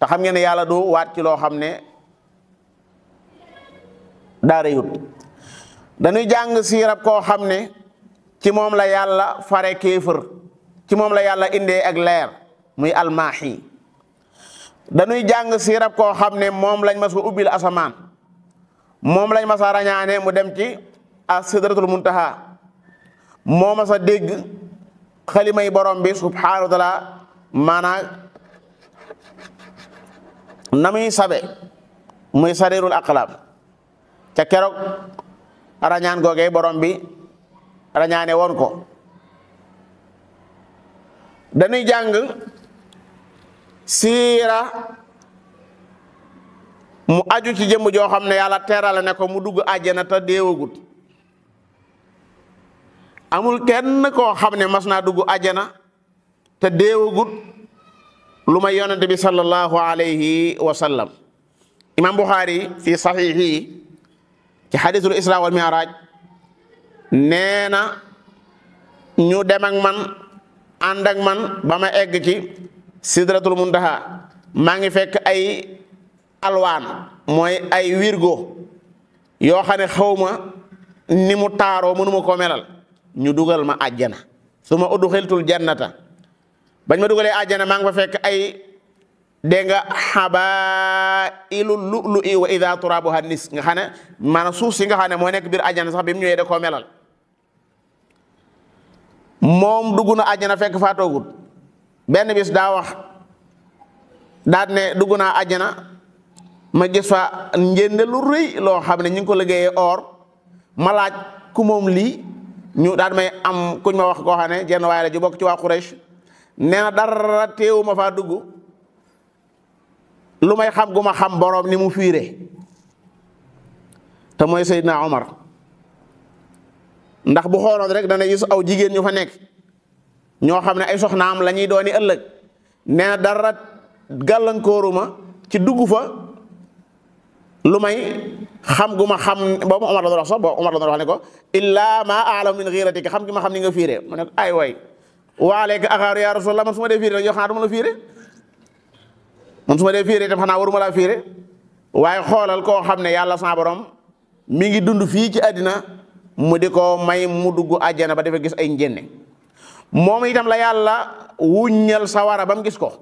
te xam ngeen ne yàlla doo waat ci loo xam ne daa rëyut dañuy jàng siirab koo xam ne ci moom la yàlla fare kéefër ci moom la yàlla indee ak leer muy almaaxi dañuy jàng siirab koo xam ne moom lañ ma ko ubbil asamaan moom lañ mas a rañaane mu dem ci a sidratul taxa moo mas a dégg xalimay borom bi subhanahu wa taala maanaam na muy sabe muy sarirul aqlam ca keroog rañaan googee borom bi rañaane woon ko dañuy jàng siira mu aju ci jëmm joo xam ne yàlla terale ne ko mu dugg àjjana te deewagut amul kenn koo xam ne mas naa dugg àjjana te deewagut lu may yonente bi sallallahu alayhi wa sallam imam Buxaari fi saxiixi ci xadisul isra wal mi'raaj na ñu dem man ànd man bama egg ci sidratul muntaha maa ngi fekk ay alwaan mooy ay wirgo yoo xam ne xaw ma ni mu taaroo mënuma koo melal ñu dugal ma àjjana suma ma udxiltul jannata bañ ma dugalee àjjana maa ngi fa fekk ay dégg nga lu lu'lu'i wa ida turaabuha nis nga xam ne maanaam suuf si nga xam ne moo nekk biir àjjana sax bi mu ñëwee da koo melal moom dugg na àjjana fekk faa toogut benn bis daa wax daal ne dugg naa àjjana ma gis fa njënde lu rëy loo xam ne ñu ngi ko liggéeyee or ma laaj ku moom lii ñu daal may am kuñ ma wax koo xam jenn waaye la ju bokk ci waa Quraysh nee na dara teewu ma faa dugg lu may xam gu ma xam boroom ni mu fiire te mooy Seydina Omar ndax bu xooloon rek dana gis aw jigéen ñu fa nekk ñoo xam ne ay soxnaam la ñuy dooni ëllëg nee na dara gàllankooruma ci dugg fa lu may xam gu ma xam boobu Omar la doon wax sax boobu Omar la doon ne ko illaa ma aalamu min xiiratika xam gi ma xam ni nga fiiree mu ne ay way waaleyka axaaru yaa rasulallah man su ma dee fiiree yow xanaa du waruma laa fiiree waaye xoolal koo xam ne yàlla saaborom borom mi ngi dund fii ci àddina mu di ko may mu dugg àjjana ba dafa gis ay njenne moom itam la yàlla wuññal sawara ba mu gis ko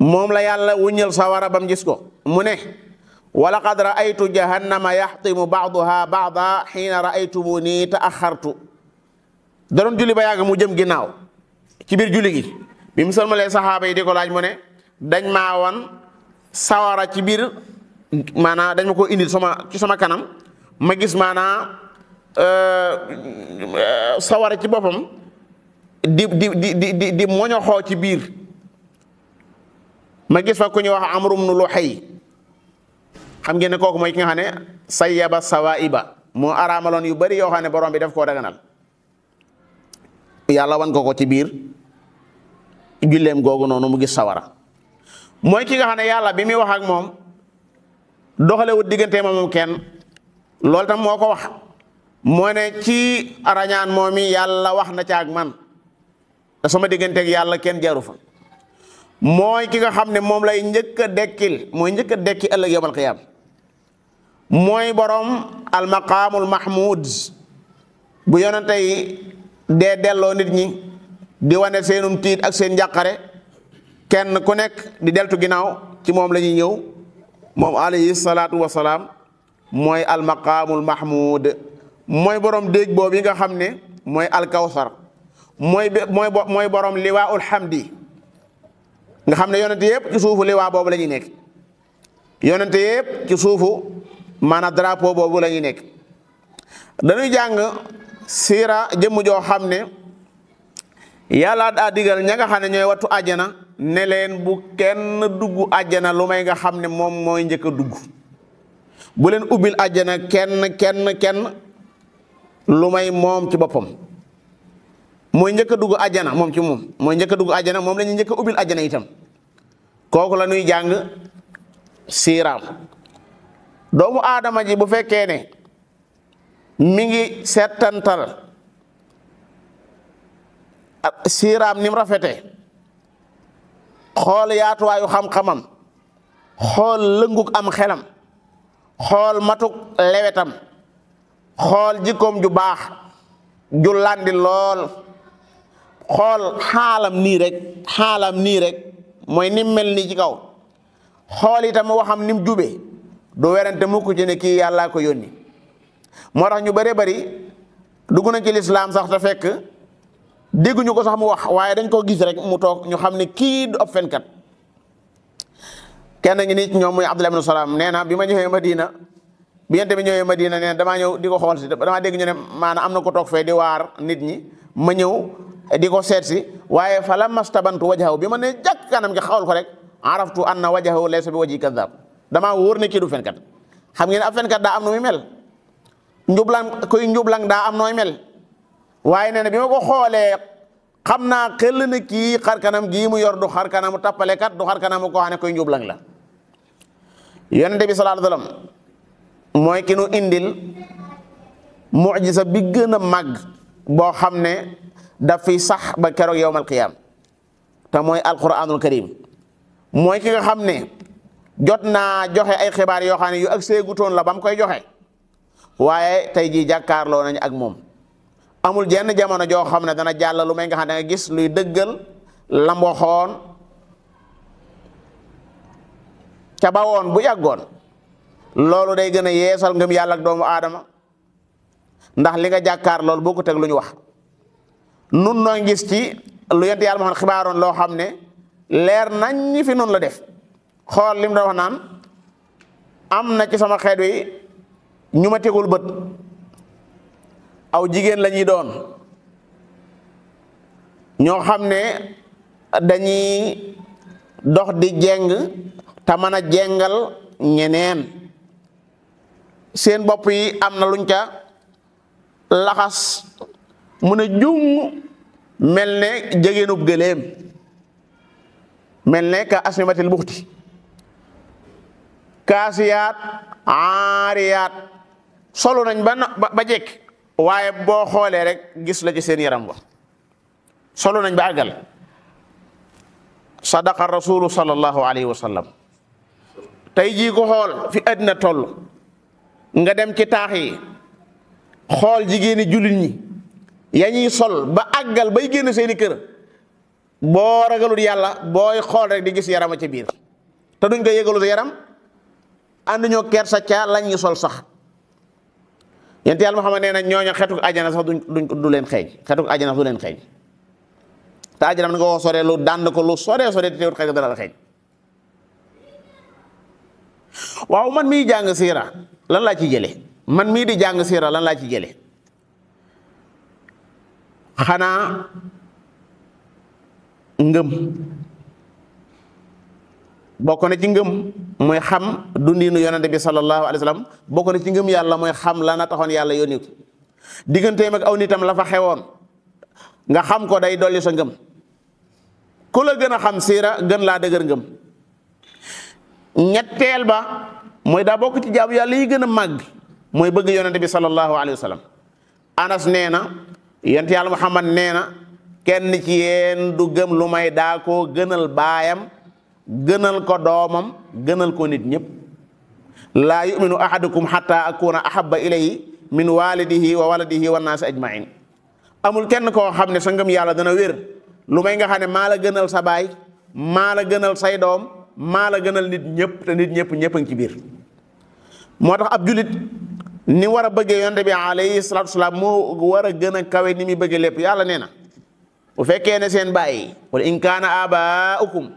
moom la yàlla wuññal sawara ba mu gis ko mu ne walla laqad aytu jahannama yaxtimu ba'duha ba'da xiina ra'aytumuni a da doon julli ba yàgg mu jëm ginnaaw ci biir julli gi bi mu salmalee saxaaba yi di ko laaj mu ne dañ maa wan sawara ci biir maanaam dañ ma ko indil sama ci sama kanam ma gis maanaam Euh, sawara ci boppam di di di di di moñoxoo ci biir ma gis fa ku ñuy wax amrum nu xam ngeen ne kooku mooy ki nga xam ne sayyaba sawaiba moo araamaloon yu bari yoo xam ne borom bi daf koo daganal yàlla wan ko ko ci biir julleem googu noonu mu gis sawara mooy ki nga xam yàlla bi muy wax ak moom doxalewu diggante moom kenn loolu tam moo ko wax moo ne ci arañaan moom yi yàlla wax na caag man te sama digganteeg yàlla kenn jaru fa mooy ki nga xam ne moom lay njëkka dekkil mooy njëkk dekki ëllëg yawmal qiyaam mooy borom almaqaamul mahmud bu yonente yi dee delloo nit ñi di wane seenum tiit ak seen njàqare kenn ku nekk di deltu ginnaaw ci moom la ñuy ñëw moom alayhi salaatu wasalaam mooy almaqaamul mahmud mooy borom déeg boobu yi nga xam ne mooy alkawsar mooy mooy mooy borom liwaa ul hamdi nga xam ne yonente yëpp ci suufu liwaa boobu la nekk yonente yëpp ci suufu maanaam drapeau boobu la nekk dañuy jàng siira jëmm joo xam ne yàlla daa digal ña xam ne ñooy wattu àjjana ne leen bu kenn dugg àjjana lu may nga xam ne moom mooy njëkk a dugg bu leen ubbil àjjana kenn kenn kenn lu may moom ci boppam mooy njëkka dugg ajjana moom ci moom mooy njëkk a dugg ajjana moom la ñuy njëkk a ubbil ajjana itam kooku la nuy jàng siiraam doomu aadama ji bu fekkee ne mi ngi seetantal siiraam nim rafete xool yaatuwaayu xam-xamam xool lënguk am xelam xool matuk lewetam xool jikkoom ju baax ju landi lool xool xaalam nii rek xaalam nii rek mooy nim mel nii ci kaw xool itam waxam nim jubee du werante mukk ci ne kii yàllaa ko yónni moo tax ñu bare bari dugg na ci lislaam sax te fekk dégguñu ko sax mu wax waaye dañ koo gis rek mu toog ñu xam ne kii du ab fenkat kenn ngi nit ñoom muy Abdullah ibn Salaam nee na bi ma ñëwee Madina bi yonent bi ñëwee Madina nee damaa ñëw di ko xool si damaa dégg ñu ne am na ko toog fee di waar nit ñi ma ñëw di ko seet si waaye fa la mastabantu wajahaw bi ma ne jàkk kanam gi xawal ko rek araftu anna wajahaw laysa bi waji kadab damaa wóor ne kii du fenkat xam ngeen ab fenkat daa am nu muy koy njublan daa am nooy mel waaye na bi ma ko xoolee xam naa xel ne kii xar kanam gii mu yor du xar kanamu tappalekat du xar kanamu koo xam koy njublan la yonent bi sallallahu alayhi wa mooy ki nu indil mujisa bi gën a màgg boo xam ne daf fi sax ba keroog yowmal qiyaam te mooy alquranul karim mooy ki nga xam ne jot na joxe ay xibaar yoo xam ne yu ak seegutoon la ba mu koy joxe waaye tey jii jàkkaarloo nañ ak moom amul jenn jamono joo xam ne dana jàll jàllalu may nga xam ne da nga gis luy dëggal lamboxoon ca bawoon bu yàggoon loolu day gën a yeesal ngëm yàlla doomu aadama ndax li nga jàkkaar loolu boo ko teg lu ñu wax nun noo gis ci lu yent yàlla ma xam xibaaroon loo xam ne leer nañ ñi fi noonu la def xool lim da wax naan am na ci sama xeet wi ñu ma tegul bët aw jigéen la ñuy doon ñoo xam ne dañuy dox di jeng te mën a jengal ñeneen seen bopp yi am na luñ ca laxas mu ne jum mel ne jegeenub gëléem mel ne ka asnimatil buxti kaasiyaat aariyaat solo nañ ba ba jekk waaye boo xoolee rek gis la ci seen yaram wa solo nañ ba àggal sadaqa rasulu sallallahu alayhi wa sallam tey xool fi àddina toll nga dem ci taax yi xool jigéeni jullit ñi ya ñuy sol ba àggal bay génn seeni kër boo ragalut yàlla booy xool rek di gis a ci biir te duñ ko yëgalul yaram ànduñoo kersa ca lañ ñu sol sax yent yàlla Muhammad nee na ñooñu xetuk ajana sax duñ duñ du leen xeeñ xetuk ajana sax du leen xeeñ te ajana mën nga ko soree lu dànd ko lu soree soree te teewut xeeñ dara la xeeñ waaw man mii jàng siira lan laa ci jële man mii di jàng siira lan laa ci jële xanaa ngëm bokk na ci ngëm mooy xam dundinu yonente bi sallallahu alayhi wa sallam bokk na ci ngëm yàlla mooy xam lana taxoon yàlla yónni ko aw nitam la fa xewoon nga xam ko day dolli sa ngëm ku la gën a xam siira gën laa dëgër ngëm ñetteel ba mooy daa bokk ci jaamu yàlla yi gën a màgg mooy bëgg yonente bi sallallahu alayhi wa sallam anas nee na yonent yàlla muhammad nee na kenn ci yéen du gëm lu may daa koo gënal baayam gënal ko doomam gënal ko nit ñëpp laa yuminu ahadukum xata akuna ahaba ilayhi min walidihi wa waladihi wa naasi ajmain amul kenn koo xam ne sa ngëm yàlla dana wér lu may nga xam ne maa la gënal sa baay maa la gënal say doom maa la gënal nit ñëpp te nit ñëpp ñëpp a ngi ci biir moo tax ab julit ni war a bëggee yonte bi alayhi salaatu wasalaam moo war a gën a ni muy bëggee lépp yàlla nee na bu fekkee ne seen bàyyi wala in kaana abaukum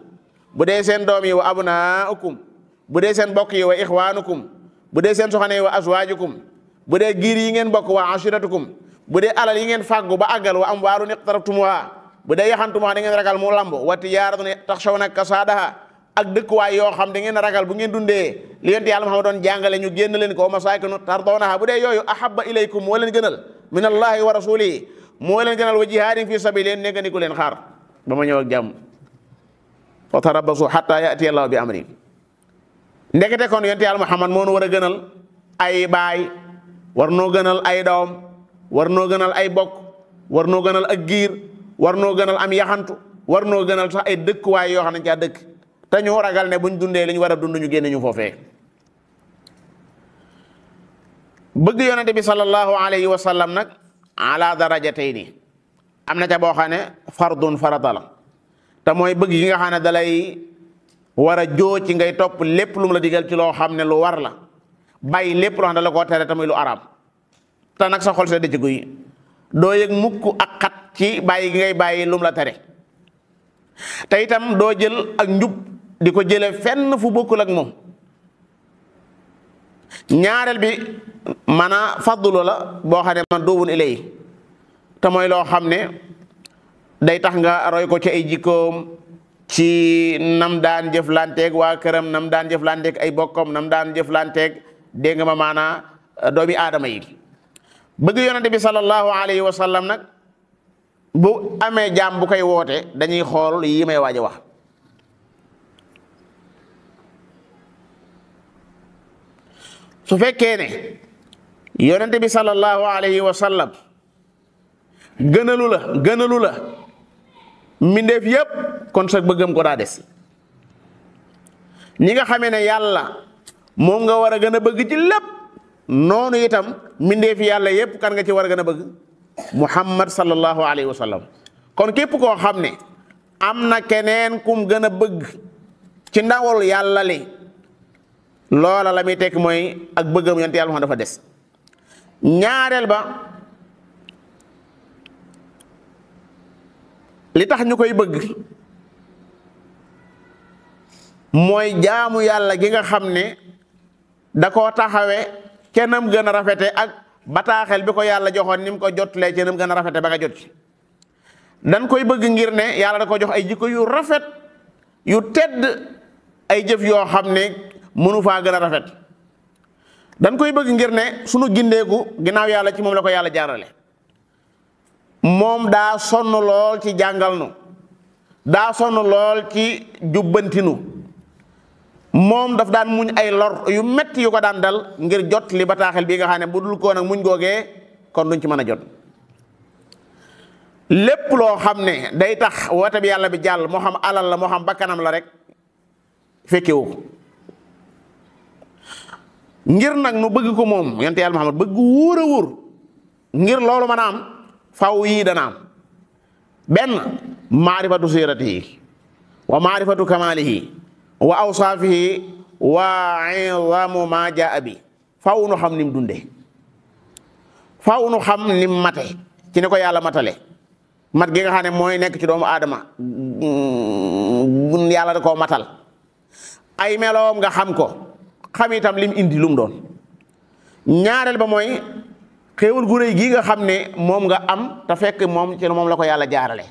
dee seen doom yi wa abnaukum bu dee seen bokk yi wa ixwaanukum bu dee seen soxna wa azwaajukum bu dee giir yi ngeen bokk wa ashiratukum bu dee alal yi ngeen fàggu ba àggal wa amwaalun iqtarabtumuha bu dee yaxantumuha da ngeen ragal mu lamb ak dëkkuwaay yoo xam da ngeen ragal bu ngeen dundee li yonent yàlla Muhammad doon jàngale ñu génn leen ko masaakinu tardawnaha bu dee yooyu ahabba ilaykum moo leen gënal min allahi wa rasulihi moo leen gënal wa jihaadin fi sabilihi nekk ni ku leen xaar ba ma ñëw ak jàmm fa tarabasu hatta ya'tiya allahu bi amri ndekete kon yonent yàlla Muhammad moo nu war a gënal ay baay war noo gënal ay doom war noo gënal ay bokk war noo gënal ak giir war noo gënal am yaxantu war noo gënal sax ay dëkkuwaay yoo xam ne caa dëkk te ñu ragal ne buñ dundee li ñu war a dund ñu génn ñu foofee bëgg yonente bi sallallahu alayhi wa sallam nag tey darajatayni am na ca boo xam ne fardun farata la te mooy bëgg yi nga xam ne dalay war a joo ci ngay topp lépp lu mu la digal ci loo xam ne lu war la bàyyi lépp loo xam ne la koo tere tamuy lu arab te nag sa xol sa dëcc guy doo yëg mukk ak xat ci bàyyi gi ngay bàyyi lu la tere te itam doo jël ak njub di ko jële fenn fu bokkul ak moom ñaareel bi maanaa fadlu la boo xam ne man duubun ilay te mooy loo xam ne day tax nga roy ko ci ay jikkoom ci nam daan jëflanteeg waa këram nam daan jëflanteeg ay bokkom nam daan jëflanteeg dégg nga ma maanaa euh, doomi aadama yi bëgg yonente bi sallallahu alayhi wa sallam nag bu amee jaam bu koy woote dañuy xool yi may waaj a wax su fekkee ne yonente bi sallallahu alayhi wa sallam gënalu la gënalu la mbindeef yépp kon sa bëggam ko daa des ñi nga xamee ne yàlla moom nga war a gën a bëgg ci lépp noonu itam mbindeef yàlla yépp kan nga ci war a gën a bëgg muhammad sallallahu alayhi wa sallam kon képp koo xam ne am na keneen kum gën a bëgg ci ndawal yàlla li loola la muy tekk mooy ak bëggam yonent yàlla dafa des ñaareel ba li tax ñu koy bëgg mooy jaamu yàlla gi nga xam ne da koo taxawe kenam gën a rafete ak bataaxeel bi ko yàlla joxoon ni mu ko jot jotlee kenam gën a rafete ba nga jot ci dañ koy bëgg ngir ne yàlla da ko jox ay jikko yu rafet yu tedd ay jëf yoo xam ne mënu faa gën a rafet dañ koy bëgg ngir ne sunu gindeeku ginnaaw yàlla ci moom la ko yàlla jaarale moom daa sonn lool ci jàngal nu daa sonn lool ci jubbantinu moom daf daan muñ ay lor yu metti yu ko daan dal ngir jot li bataaxel bi nga xam ne bu dul koo nag muñ googee kon duñ ci mën a jot lépp loo xam ne day tax woote bi yàlla bi jàll moo xam alal la moo xam bakkanam la rek fekkewu ngir nag nu bëgg ko moom yonte yàlla Muhammad bëgg wóor a wóor ngir loolu mën a am faw yii dana benn maarifatu siratihi wa maarifatu kamalihi wa awsaafihi wa izamu ma jaa faw nu xam nim dunde faw nu xam nim mate ci ne ko yàlla matale mat gi nga xam ne mooy nekk ci doomu aadama mm, yàlla koo matal ay meloom nga xam ko xam itam lim indi lum mu doon ñaareel ba mooy xéewal gu rëy gii nga xam ne moom nga am te fekk moom ci moom la ko yàlla jaarale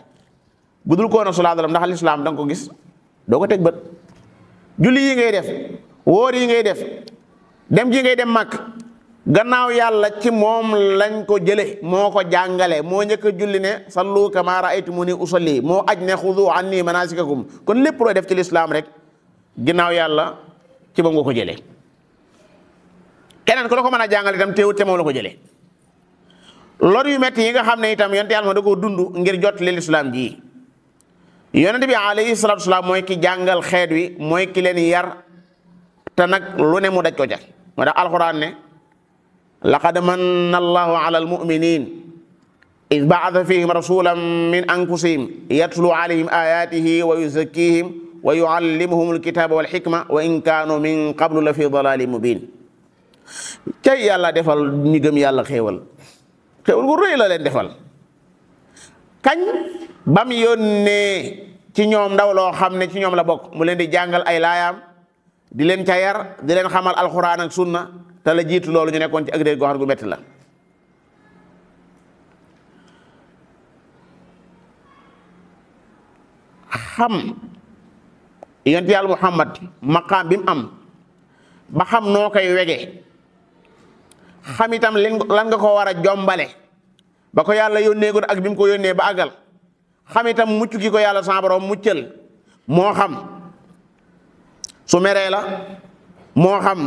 bu dul koona sallallahu ndax lislaam da nga ko gis doo ko teg bët julli yi ngay def woor yi ngay def dem ji ngay dem mag gannaaw yàlla ci moom lañ ko jële moo ko jàngale moo njëkk a julli ne sallu kama raaytumuni usalli moo aj ne xudu anni manasikakum kon lépp looy def ci lislaam rek ginnaaw yàlla ci moom nga ko jëlee keneen ku la ko mën a jàngale itam teewut te moom la ko jëlee yu metti yi nga xam ne itam yonent yàlla ma da koo dund ngir jot li lislaam ji yonent bi alayhi salaatu salaam mooy ki jàngal xeet wi mooy ki leen yar te nag lu ne mu daj ko ca moo tax alquran ne laqad manna allahu ala almuminin id baata fihim rasulan min anfusihim yatlu alayhim ayatihi wa yuzakkihim wa yuallimuhum alkitaba walxikma wa in kaanu min qablu la fi dalalin mubin tey yàlla defal ñi gëm yàlla xéewal xéewal gu rëy la leen defal kañ bam yónnee ci ñoom ndaw loo xam ne ci ñoom la bokk mu leen di jàngal ay laayaam di leen ca yar di leen xamal alxuraan ak sunna te la jiitu loolu ñu nekkoon ci ak réer gu métti la xam yonent yàlla Muhammad maqaam bi mu am ba xam noo koy wege xam itam lan nga ko war a jombale ba ko yàlla yónnee yónneegoon ak bi mu ko yónnee ba agal xam itam mucc gi ko yàlla sa borom muccal moo xam su meree la moo xam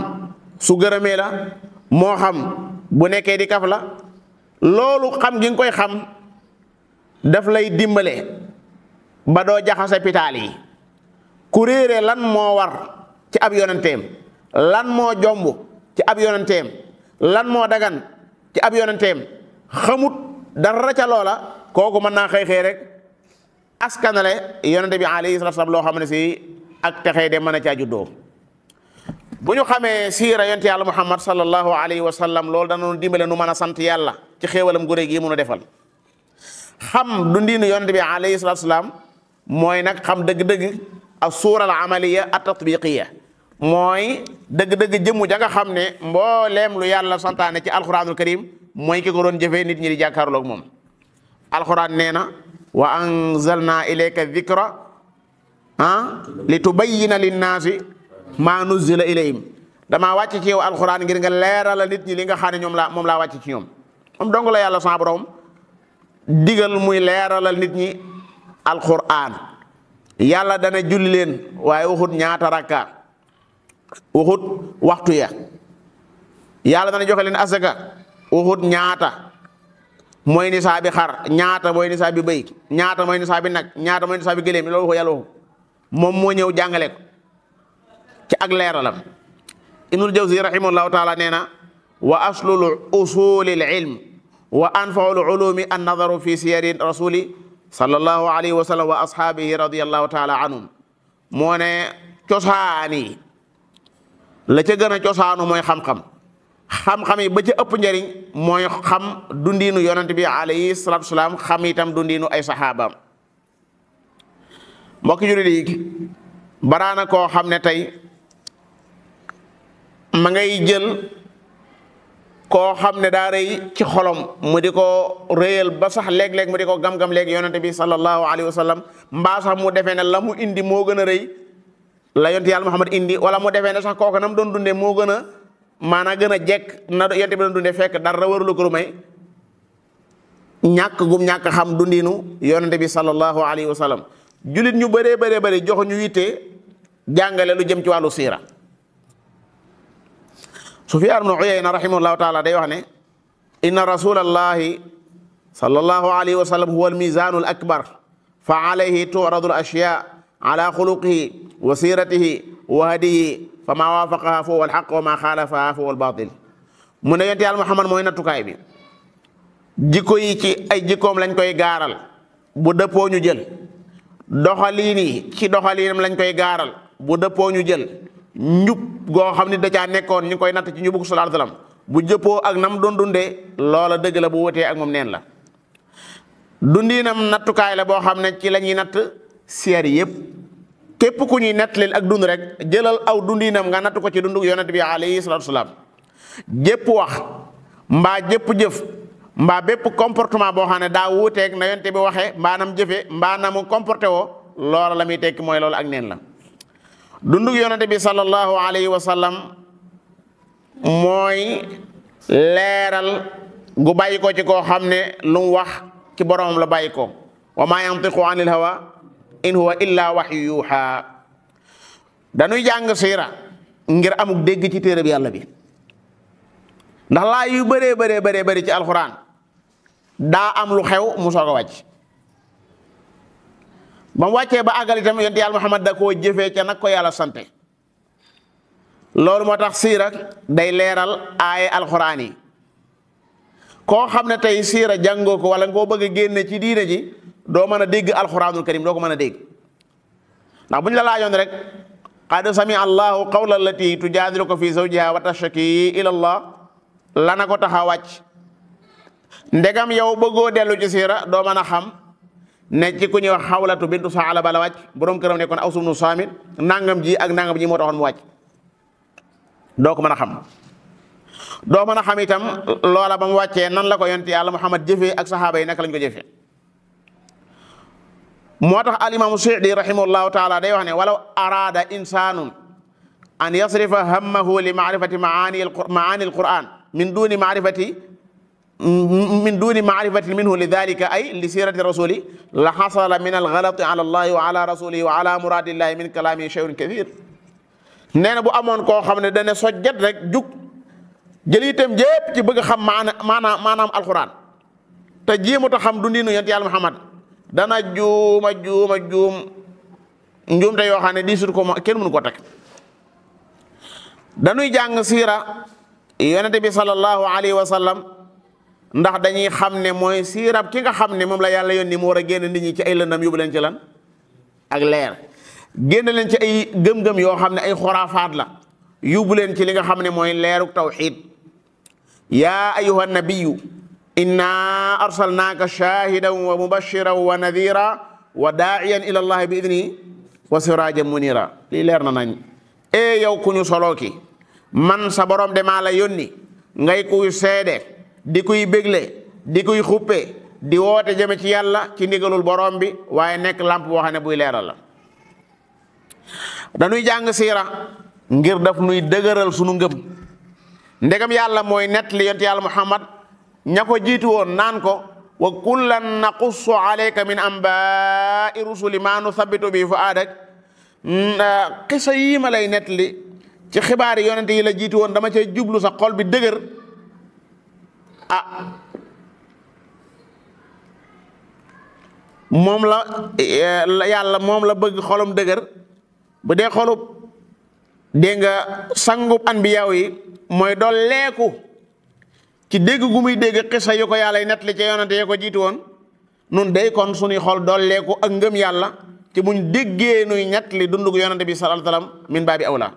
su gërëmee la moo xam bu nekkee di kaf la loolu xam gi koy xam daf lay dimbale ba doo jaxase pitaal yi ku lan moo war ci ab yonenteem lan moo jomb ci ab yonenteem lan moo dagan ci ab yonenteem xamut dara ca loola kooku mën naa xëy xëy rek askanale yonente bi alayhi sa wasalam loo xam ne si ak texee de mën a caa juddoo bu ñu xamee siira yonte yàlla muhammad sallallahu alayhi wa sallam loolu danañu dimbale nu mën a sant yàlla ci xéewalam gure gi mun a defal xam du ndiinu yonente bi alayhi salatu wasalam mooy nag xam dëgg-dëgg as suura amaliya at tatbiqiya mooy dëgg-dëgg jëmu ja nga xam ne mbooleem lu yàlla santaane ci alxuraanul karim mooy ki ko doon jëfee nit ñi di jàkkaarloog moom alxuraan nee na wa anzalna ilayka dhikra ah li tubayyina linnaasi maa nuzzila ilayhim damaa wàcc ci yow alxuraan ngir nga leeral nit ñi li nga xam ne ñoom laa moom laa wàcc ci yoom moom dong la yàlla sa borom digal muy leeralal nit ñi alxuraan yàlla dana julli leen waaye waxut ñaata rakka waxut waxtu ya yàlla dana joxe leen asaka waxut ñaata mooy nisaabi xar ñaata mooy nisaabi bëy ñaata mooy nisaabi nag ñaata mooy nisaabi gëléem loolu ko yàlla moom moo ñëw jàngale ko ci ak leeralam ibnul jawzi rahimahullahu taala nee na wa aslul usulil ilm wa anfaul ulumi an nadaru fi siyari rasuli sallallahu alayhi wa wa ashaabihi radiallahu taala anhum moo ne cosaani la ca gën a cosaanu mooy xam-xam xam-xam yi ba ca ëpp njariñ mooy xam dundiinu yonent bi alayhi salaatu salaam xam itam dundiinu ay saxaabaam mbokki jurit yi baraana koo xam ne tey ma ngay jël koo xam ne daa rëy ci xolom mu di ko réyal ba sax léeg-léeg mu di ko gam-gam léegi yonent bi sallallahu alayhi wa sallam mbaa sax mu defee ne la mu indi moo gën a rëy la yonti yàlla Muhammad indi wala mu defee ne sax kooku nam doon dundee moo gën a maanaa gën a jekk na yonte bi doon dundee fekk dara warulu ko lu may ñàkk gum ñàkk xam dundinu yonente bi sallallahu alayhi wa sallam ñu bare bëree bëri jox ñu yitte jàngale lu jëm ci wàllu siira Sufyaan ibnu Uyayna rahimahullahu taala day wax ne inna rasulallahi sallallahu alayhi wa huwa almizanu akbar fa alayhi tu'radu al ashyaa ala xuluqihi wa siratihi wa fa maa waafaqaha fa huwa alxaq wa maa fa huwa albaatil mu ne yonent yàlla Muhammad mooy nattukaay bi jikko yi ci ay jikkoom lañ koy gaaral bu dëppoo ñu jël doxaliin yi ci lañ koy gaaral bu dëppoo ñu jël njub goo xam ne da caa nekkoon ñu koy natt ci njubug sallallahu alayhi wasallam bu jëppoo ak nam doon dundee loola dëgg la bu wëtee ak moom neen la dundiinam nattukaay la boo xam ne ci la natt siyaar yëpp képp ku ñuy nettalil ak dund rek jëlal aw dundinam nga natt ko ci dundu yonent bi alayhi salaatu salaam jëpp wax mbaa jëpp jëf mbaa bépp comportement boo xam ne daa wuuteeg na yonent bi waxee mbaa nam jëfee mbaa na mu comporté woo loola la muy tekki mooy loolu ak nen la dundug yonent bi sallallahu alayhi wa sallam mooy leeral gu bàyyi ko ci koo xam ne lu mu wax ci boroomam la bàyyi ko wa maa yantiqu anil hawa in huwa illa waxyu yuuxa dañuy jàng siira ngir amuk dégg ci téere bi yàlla bi ndax laa yu bare bëree bëree bëri ci alxuraan daa am lu xew mu soog a wàcc wàccee ba àggal itam yonent yàlla Muhammad da koo jëfee ca nag ko yàlla sante loolu moo tax siira day leeral aaye alxuraan yi koo xam ne tey siira jàngoo ko wala koo bëgg génne ci diine ji doo mën a dégg alxuraanul karim doo ko mën a dégg ndax bu ñu la laajoon rek qad sami allahu qawla allati tujaadiluka fi zawjiha wa tashtaki ila allah lana ko taxa wàcc ndegam yow bëggoo dellu ci siira doo mën a xam ne ci ku ñuy wax xawlatu bintu saala bala wàcc borom këram nekkoon aw sumnu saamit nangam ji ak nangam ji moo taxoon mu wàcc doo ko mën a xam doo mën a xam itam loola ba mu wàccee nan la ko yonti yàlla Muhammad jëfee ak saxaaba yi naka lañ ko jëfee moo tax alimaamu Suyuti rahimahullahu taala day wax ne walaw araada an yasrifa hammahu li maarifati maani maani min duni maarifati minhu li dalika ay li sirati rasuli la xasala min algalati ala wa ala wa ala muradillahi min kalaami shayun kathir nee bu amoon koo xam ne dane sojjet rek jug jëliitam jépp ci bëgg xam maanaam maanaam alquran te jéemut a xam dundinu yonent Muhammad dana juuma juuma juum njuumte yoo xam ne di sut ko ma kenn mënu ko teg dañuy jàng siira yonente bi sallallahu alayhi wa sallam ndax dañuy xam ne mooy siirab ki nga xam ne moom la yàlla yónni mu war a génn nit ñi ci ay lëndam yóbbu leen ci lan ak leer génn leen ci ay gëm-gëm yoo xam ne ay xoraafaat la yóbbu leen ci li nga xam ne mooy leeruk tawxiid yaa ayuha nabiyu inna arsalnaaka shahidan wa mubashiran wa nadira wa daa ila allahi bi idni wa sirajan munira lii leer na nañ yow ku ñu soloo ki man sa borom de maa la yónni ngay kuy seede di kuy bégle di kuy xuppe di woote jëme ci yàlla ci ndigalul borom bi waaye nekk làmp boo xam ne buy leeral la dañuy jàng siira ngir def nuy dëgëral sunu ngëm ndegam yàlla mooy nett li yonent yàlla muhammad ña ko jiitu woon naan ko wa kullan naqussu alayka min anbaai rusuli ma nuthabitu bi fuaadak xisa mm, ah, yii ma lay nettali ci xibaar yi yonent yi la jiitu woon dama cay jublu sa xol bi dëgër ah moom la eh, yàlla moom la bëgg xolum dëgër bu dee xolub dégg nga sangu anbiyaaw yi mooy dolleeku ci dégg gu muy dégg xisa yu ko yàllay nettali ca yonante ya ko jiitu woon nun day kon suñuy xol dolleeku ak ngëm yàlla ci buñ déggee nuy nettali dundug yonante bi sallallahu alayhi wasallam min baabi awla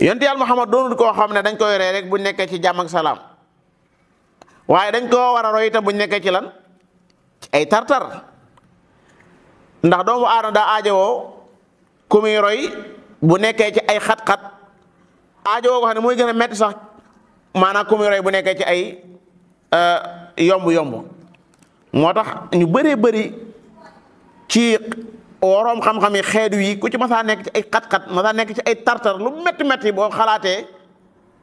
yonte yàlla Muhammad koo xam ne dañ koy roy rek buñ nekkee ci jàmm ak salaam waaye dañ koo war a roy itam buñ nekkee ci lan ci ay tartar ndax doomu aadama daa aajowoo ku muy roy bu nekkee ci ay xat-xat aajowoo ko xam ne mooy gën a metti sax maanaam ku muy roy bu nekkee ci ay euh, yomb-yomb moo tax ñu bëree bari ci waroom xam-xam yi xeetu yi ku ci masaa nekk ci ay xat-xat masaa nekk ci ay tartar lu metti métti boo xalaatee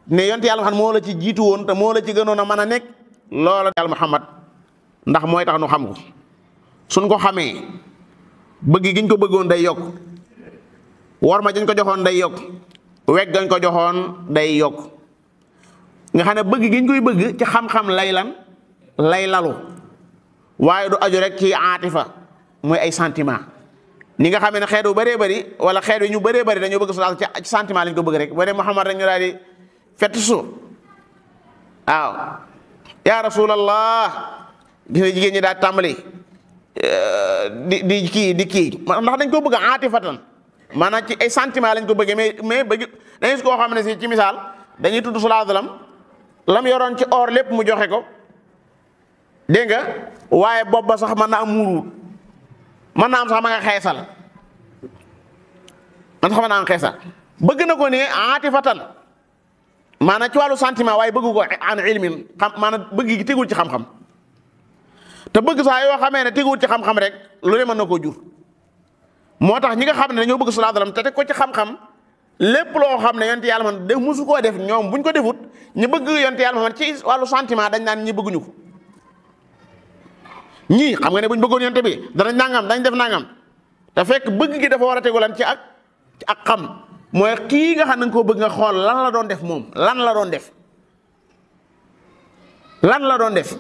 ne yont yàlla xam moo la ci jiitu woon te moo la ci a mën a nekk loola yàlla ndax mooy tax nu xam ko suñ ko xamee bëgg giñ ko bëggoon day yokk war ma dañ ko joxoon day yokk weg dañ ko joxoon day yokk nga xam ne bëgg gi ñu koy bëgg ci xam-xam lay lan lay lalu waaye du ajo rek ci aatifa muy ay sentiment ni nga xam ne xeet wu bare bari wala xeet wi ñu bëree bari dañoo bëgg solaas ci sentiment lañ ko bëgg rek bu dee Muhammad rek ñu daal di fett suuf waaw yaa rasulallah gis nga jigéen ñi daal tàmbali eh, di di kii di kii ndax dañ ko bëgg aatifatan maanaam ci ay sentiment lañ ko bëggee mais mais bëgg dañu koo xam ne si ci misaal dañuy tudd sallallahu lam yoroon ci or lépp mu joxe ko dégg nga waaye bopp ba sax mën na am muuruwut mën naa am sax man nga xeesal man sax mën na am xeesal bëgg na ko ne aatifatan maanaam ci wàllu sentiment waaye bëgg ko an ilmin xam na bëgg gi tegul ci xam-xam te bëgg sax yoo xamee ne teguwul ci xam-xam rek lu ne mën na koo jur moo tax ñi nga xam ne dañoo bëgg sallallahu alayhi wasallam te ko ci xam-xam lépp loo xam ne yonte yàlla man de musu koo def ñoom buñ ko defut ñu bëgg yonte yàlla man ci wàllu sentiment dañ naan ñi bëgguñu ko ñii xam nga ne buñ bëggoon yonte bi danañ nangam dañ def nangam te fekk bëgg gi dafa war a tegu lan ci ak ci ak xam mooy kii nga xam ne nga koo bëgg nga xool lan la doon def moom lan la doon def lan la doon def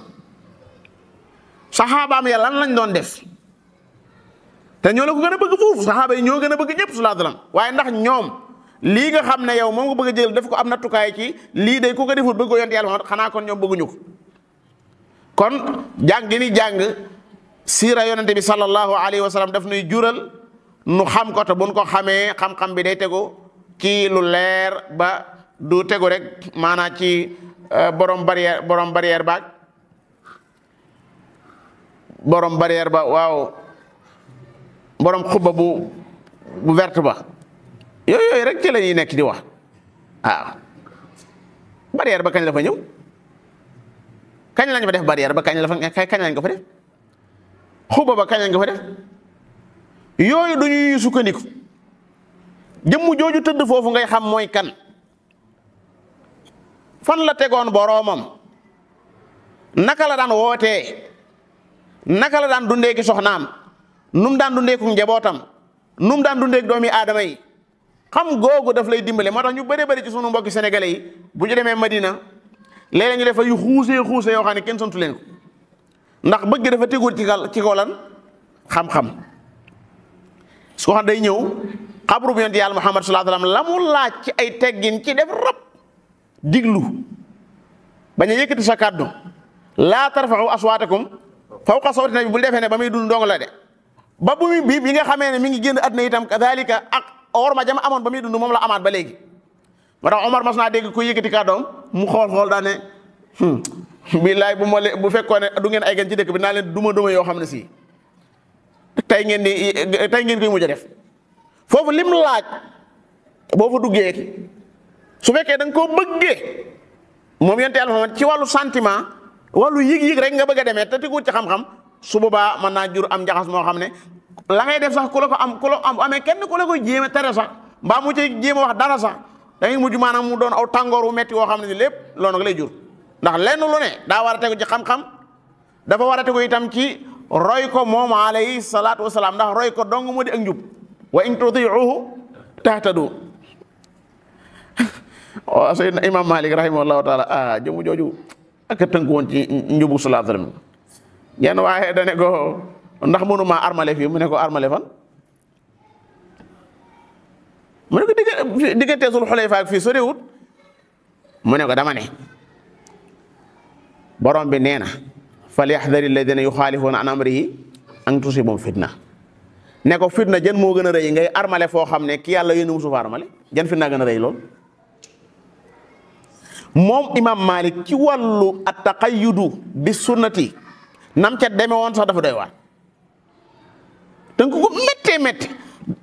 saxaabaam ya lan lañ doon def te ñoo la ko gën a bëgg foofu saxaaba yi ñoo gën a bëgg ñëpp su laa waaye ndax ñoom lii nga xam ne yow moom nga bëgg a jël def ko am nattukaay ci lii day ku ko defut bëgg ko yonent yàlla Muhammad xanaa ko ñoom bëgguñu ko kon jàng gi ni jàng siira yonente bi sallallahu alayhi wa sallam daf nuy jural nu xam ko te buñ ko xamee xam-xam bi day tegu ci lu leer ba du tegu rek maanaa ci euh, borom barrière borom barrière baag borom barrière ba waaw borom xubba bu bu verte ba yooyu yooyu rekk ci la ñuy nekk di wax waaw barrière ba kañ la fa ñëw kañ lañ fa def barrière ba kañ la fa kañ lañ ko fa def xuba ba kañ lañ ko fa def yooyu du ñuy sukkandiku jëmm jooju tëdd foofu ngay xam mooy kan fan la tegoon boroomam naka la daan wootee naka la daan dundee ki soxnaam nu daan du ku njabootam nu daan du dundee doomi aadama yi xam googu daf lay dimbale moo tax ñu bëree bëri ci sunu mbokki sénégalais yi bu ñu demee Madina léeg ñu def ay xuusee xuuse yoo xam ne kenn santu leen ko ndax bëgg dafa teguwul ci kaw ci kaw lan xam-xam su ko xam day ñëw xabru bu yonent yàlla Muhammad la mu laaj ci ay teggin ci def rab diglu bañ a yëkkati sa kàddu laa bu aswaatakum defee ne ba muy dund dong la de ba bu muy bi bi nga xamee ne mi ngi génn àdduna itam kadalika or ma dem amoon ba muy dund moom la amaat ba léegi moo tax Omar mas naa dégg ku yëkkati kàddoom mu xool xool daa ne hmm, billaay bu ma leen bu fekkoon ne du ngeen ay gan ci dëkk bi naa leen duma duma yoo xam ne si ngeen di tey ngeen koy mujj a def foofu lim boo fa duggee su fekkee da nga koo bëggee moom yonent Yàlla Muhammad ci wàllu sentiment wallu yëg-yëg rek nga bëgg demee te teguwul ci xam-xam su baa mën naa jur am njaxas moo xam ne la ngay def sax ku ko am ku amee kenn ku la ko jéeme tere sax mbaa mu ci jéem wax dara sax da ngay mujj maanaam mu doon aw tàngoor wu metti woo xam ne lépp loolu lay jur ndax lenn lu ne daa war a tegu ci xam-xam dafa war a tegu itam ci roy ko moom alayhi salaatu wasalaam ndax roy ko dong moo di ak njub wa in tutiuhu tahtadu <laughs> waaw Seydina Imam Malik rahimahullahu taala a jëmu jooju ak tënk woon ci njubu sallallahu alayhi waaye dane ko ndax mënumaa armale fii mu ne ko armale fan mu ne ko digg diggante sul xulayfa ak fii soriwut mu ne ko dama ne borom bi nee na fal yaxdari alladina yuxaalifuuna an amrihi an tusibum fitna ne ko fitna jën moo gën a rëy ngay armale foo xam ne ki yàlla yéen musu fa armale jën fitna gën a rëy lool moom imam malik ci wàllu attaqayyudu bi sunnati nam ca deme woon sax dafa doy waar tënk gu méttee métti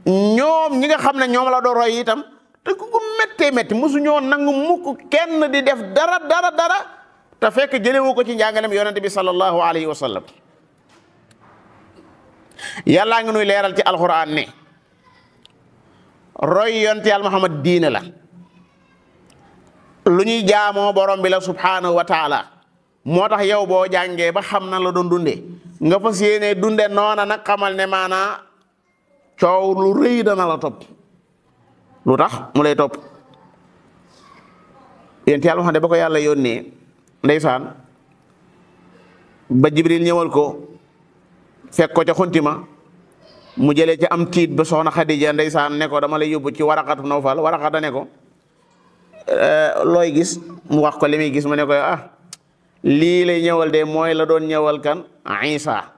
ñoom ñi nga xam ne ñoom la doo roy itam tënk gu méttee métti mosu ñoo nangu mukk kenn di def dara dara dara te fekk jëlewu ko ci njàngalem yonente bi sallallahu alayhi wa sallam yàllaa ngi nuy leeral ci alxuraan ne roy yonte yàlla muhammad diine la lu ñuy jaamoo borom bi la subhanahu wa moo tax yow boo jàngee ba xam na la doon dundee nga fas yéene dunde noona nag xamal ne maanaa coow lu rëy dana la topp lu tax mu lay topp yéen yàlla xam ne ba yàlla yónnee ndeysaan ba jibril ñëwal ko fekk ko ca xuntima mu jëlee ca am tiit ba soxna Xadija ndeysaan ne ko dama lay yóbbu ci waraqatu Nawfal waraqata ne ko eh, looy gis mu wax ko li muy gis mu ne ko ah lii lay ñëwal de mooy la doon ñëwal kan Isa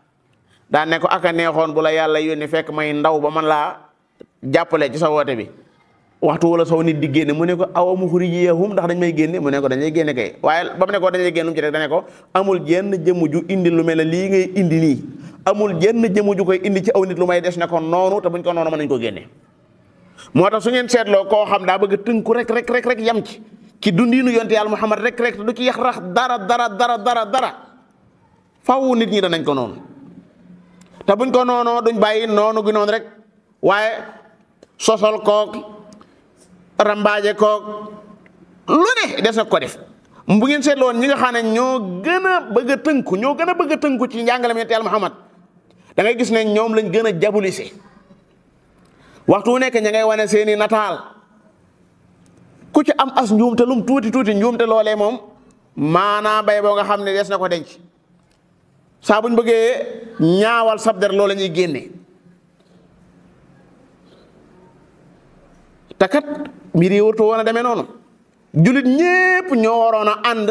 daa ne ko aka neexoon bu la yàlla yónni fekk may ndaw ba man laa jàppale ci sa woote bi waxtu wala saw nit di génne mu ne ko awa muxrijiyahum ndax dañ may génne mu ne ko dañuy génne kay waaye ba mu ne ko dañuy génne mu ci rek dane ko amul jenn jëmm ju indi lu mel ne lii ngay indi nii amul jenn jëmm ju koy indi ci aw nit lu may des ne ko noonu te buñ ko noonu ma nañ ko génne moo tax su ngeen seetloo koo xam daa bëgg tënku rek rek rek rek yam ci ci dundiinu yonte yàlla Muhammad rek rek du ci yax rax dara dara dara dara dara faw nit ñi nañ ko noonu te buñ ko noonoo duñ bàyyi noonu gi noonu rek waaye sosol koog rambaaje koog lu ne des na ko def bu ngeen seetloo ñi nga xam ne ñoo gën a bëgg a tënku ñoo gën a bëgg a tënku ci njàngalem yonte yàlla Muhammad da gis ne ñoom lañ gën a jabulise waxtu wu nekk ña ngay wane seeni nataal ku ci am as njuum te tuuti tuuti njuum te moom maanaa bay boo nga xam ne des na ko denc saa buñ bëggee ñaawal sab der loola ñuy génne te kat mbir yi wartu woon a noonu jullit ñépp ñoo waroon a ànd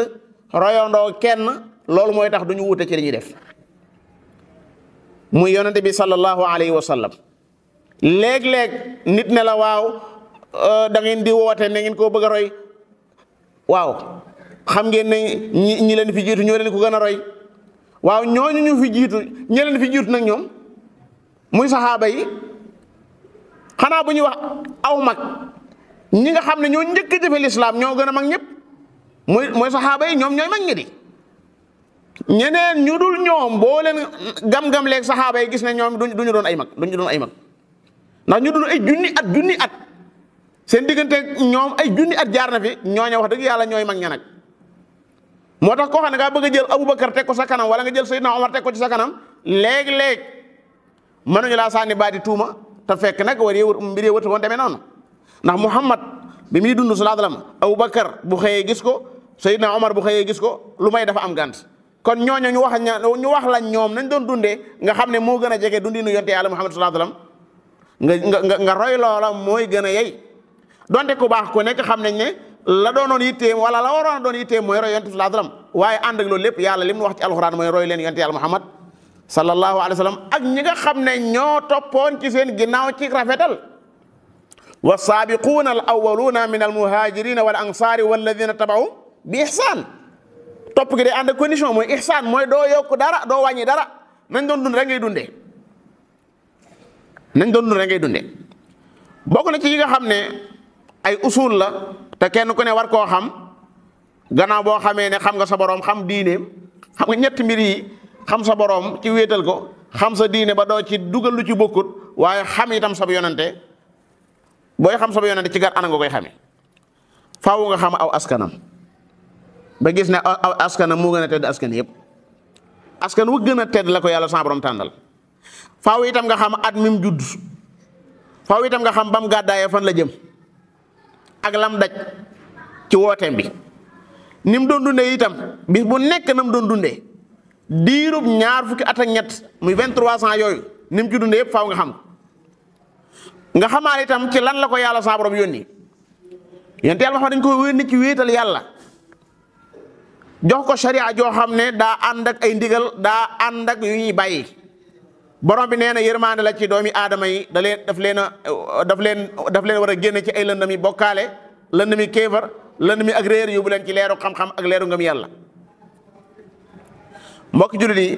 royondoo kenn loolu mooy tax du ñu wute ci li ñuy def muy yonente bi sallallahu alayhi wa sallam léeg nit ne Euh, da ngeen di woote na ngeen koo bëgg a xam ngeen ne ñi leen fi jiitu ñoo leen ko gën a roy waaw ñooñu ñu fi jiitu ñi leen fi jiitu nag ñoom muy saxaaba yi xanaa ba ñuy wax aw mag ñi nga xam ne ñoo njëkk a jëfe lislaam ñoo gën a mag ñëpp muy mooy saxaaba yi ñoom ñooy mag ñi di ñeneen ñu dul ñoom boo leen gam-gam leeg saxaaba yi gis ne ñoom duñu doon ay mag duñu doon ay mag ndax ñu dul ay junni at junni at seen diggante ñoom ay junni at jaar na fi ñooña wax dëgg yàlla ñooy mag ña nag moo tax koo xam ne ngaa bëgg a jël abu Aboubacar teg ko sa kanam wala nga jël Seydina Omar teg ko ci sa kanam léeg-léeg mënuñu laa sànni baati tuuma te fekk nag war yee wër mbir yee wër woon demee noonu ndax Muhammad bi muy dund sallallahu alayhi wa sallam Aboubacar bu xëyee gis ko Seydina Omar bu xëyee gis ko lu may dafa am gànt. kon ñooñu ñu wax ñu wax lañ ñoom nañ doon dundee nga xam ne moo gën a jege dundinu yonte yàlla Muhammad sallallahu alayhi wa sallam nga nga nga roy loola mooy gën a yey donte ku baax ko nekk xam nañ ne la doonoon yitteem wala la waroon a doon yitteem mooy roy yonent sallallahu alayhi wasallam waaye ànd ak loolu lépp yàlla li mu wax ci alxuraan mooy roy leen yonent yàlla muhammad sallallahu alayhi wasallam ak ñi nga xam ne ñoo toppoon ci seen ginnaaw ci rafetal wa saabiquuna al awwaluuna min al muhaajirina wal ansaari walladina tabawu bi ihsaan topp gi de ànd ak condition mooy ihsaan mooy doo yokk dara doo wàññi dara nañ doon dund rek ngay dundee nañ doon dund rek ngay yi nga xam ne ay usul la te kenn ku ne war koo xam gannaaw boo xamee ne xam nga sa boroom xam diineem xam nga ñetti mbir yi xam sa boroom ci wéetal ko xam sa diine ba doo ci dugal lu ci bokkut waaye xam itam sab yonante booy xam sab yonante ci gar ana nga koy xamee xam aw askanam ba gis ne aw askanam moo gën a tedd askan yëpp askan wu gën a tedd la ko yàlla sa borom tàndal faaw itam nga xam at mim judd faaw itam nga xam bam gàddaayee fan la jëm ak lam daj ci wooteem bi ni mu doon dundee itam bis bu nekk na mu doon dundee diirub ñaar fukki at ak ñett muy vingt trois cent yooyu ni mu ci dunde yëpp faaw nga xam nga xamaal itam ci lan la ko yàlla saa borom yónni yonent yàlla dañ ko yónni ci wéetal yàlla jox ko joo xam ne daa ànd ak ay ndigal daa ànd yu ñuy bàyyi borom bi nee na yërmaande la ci doomi aadama yi daf leen a daf leen daf leen war a génne ci ay lëndam yi bokkaale lëndam yi kéefar lëndam yi ak réer bu leen ci leeru xam-xam ak leeru ngëm yàlla mbokk jullit yi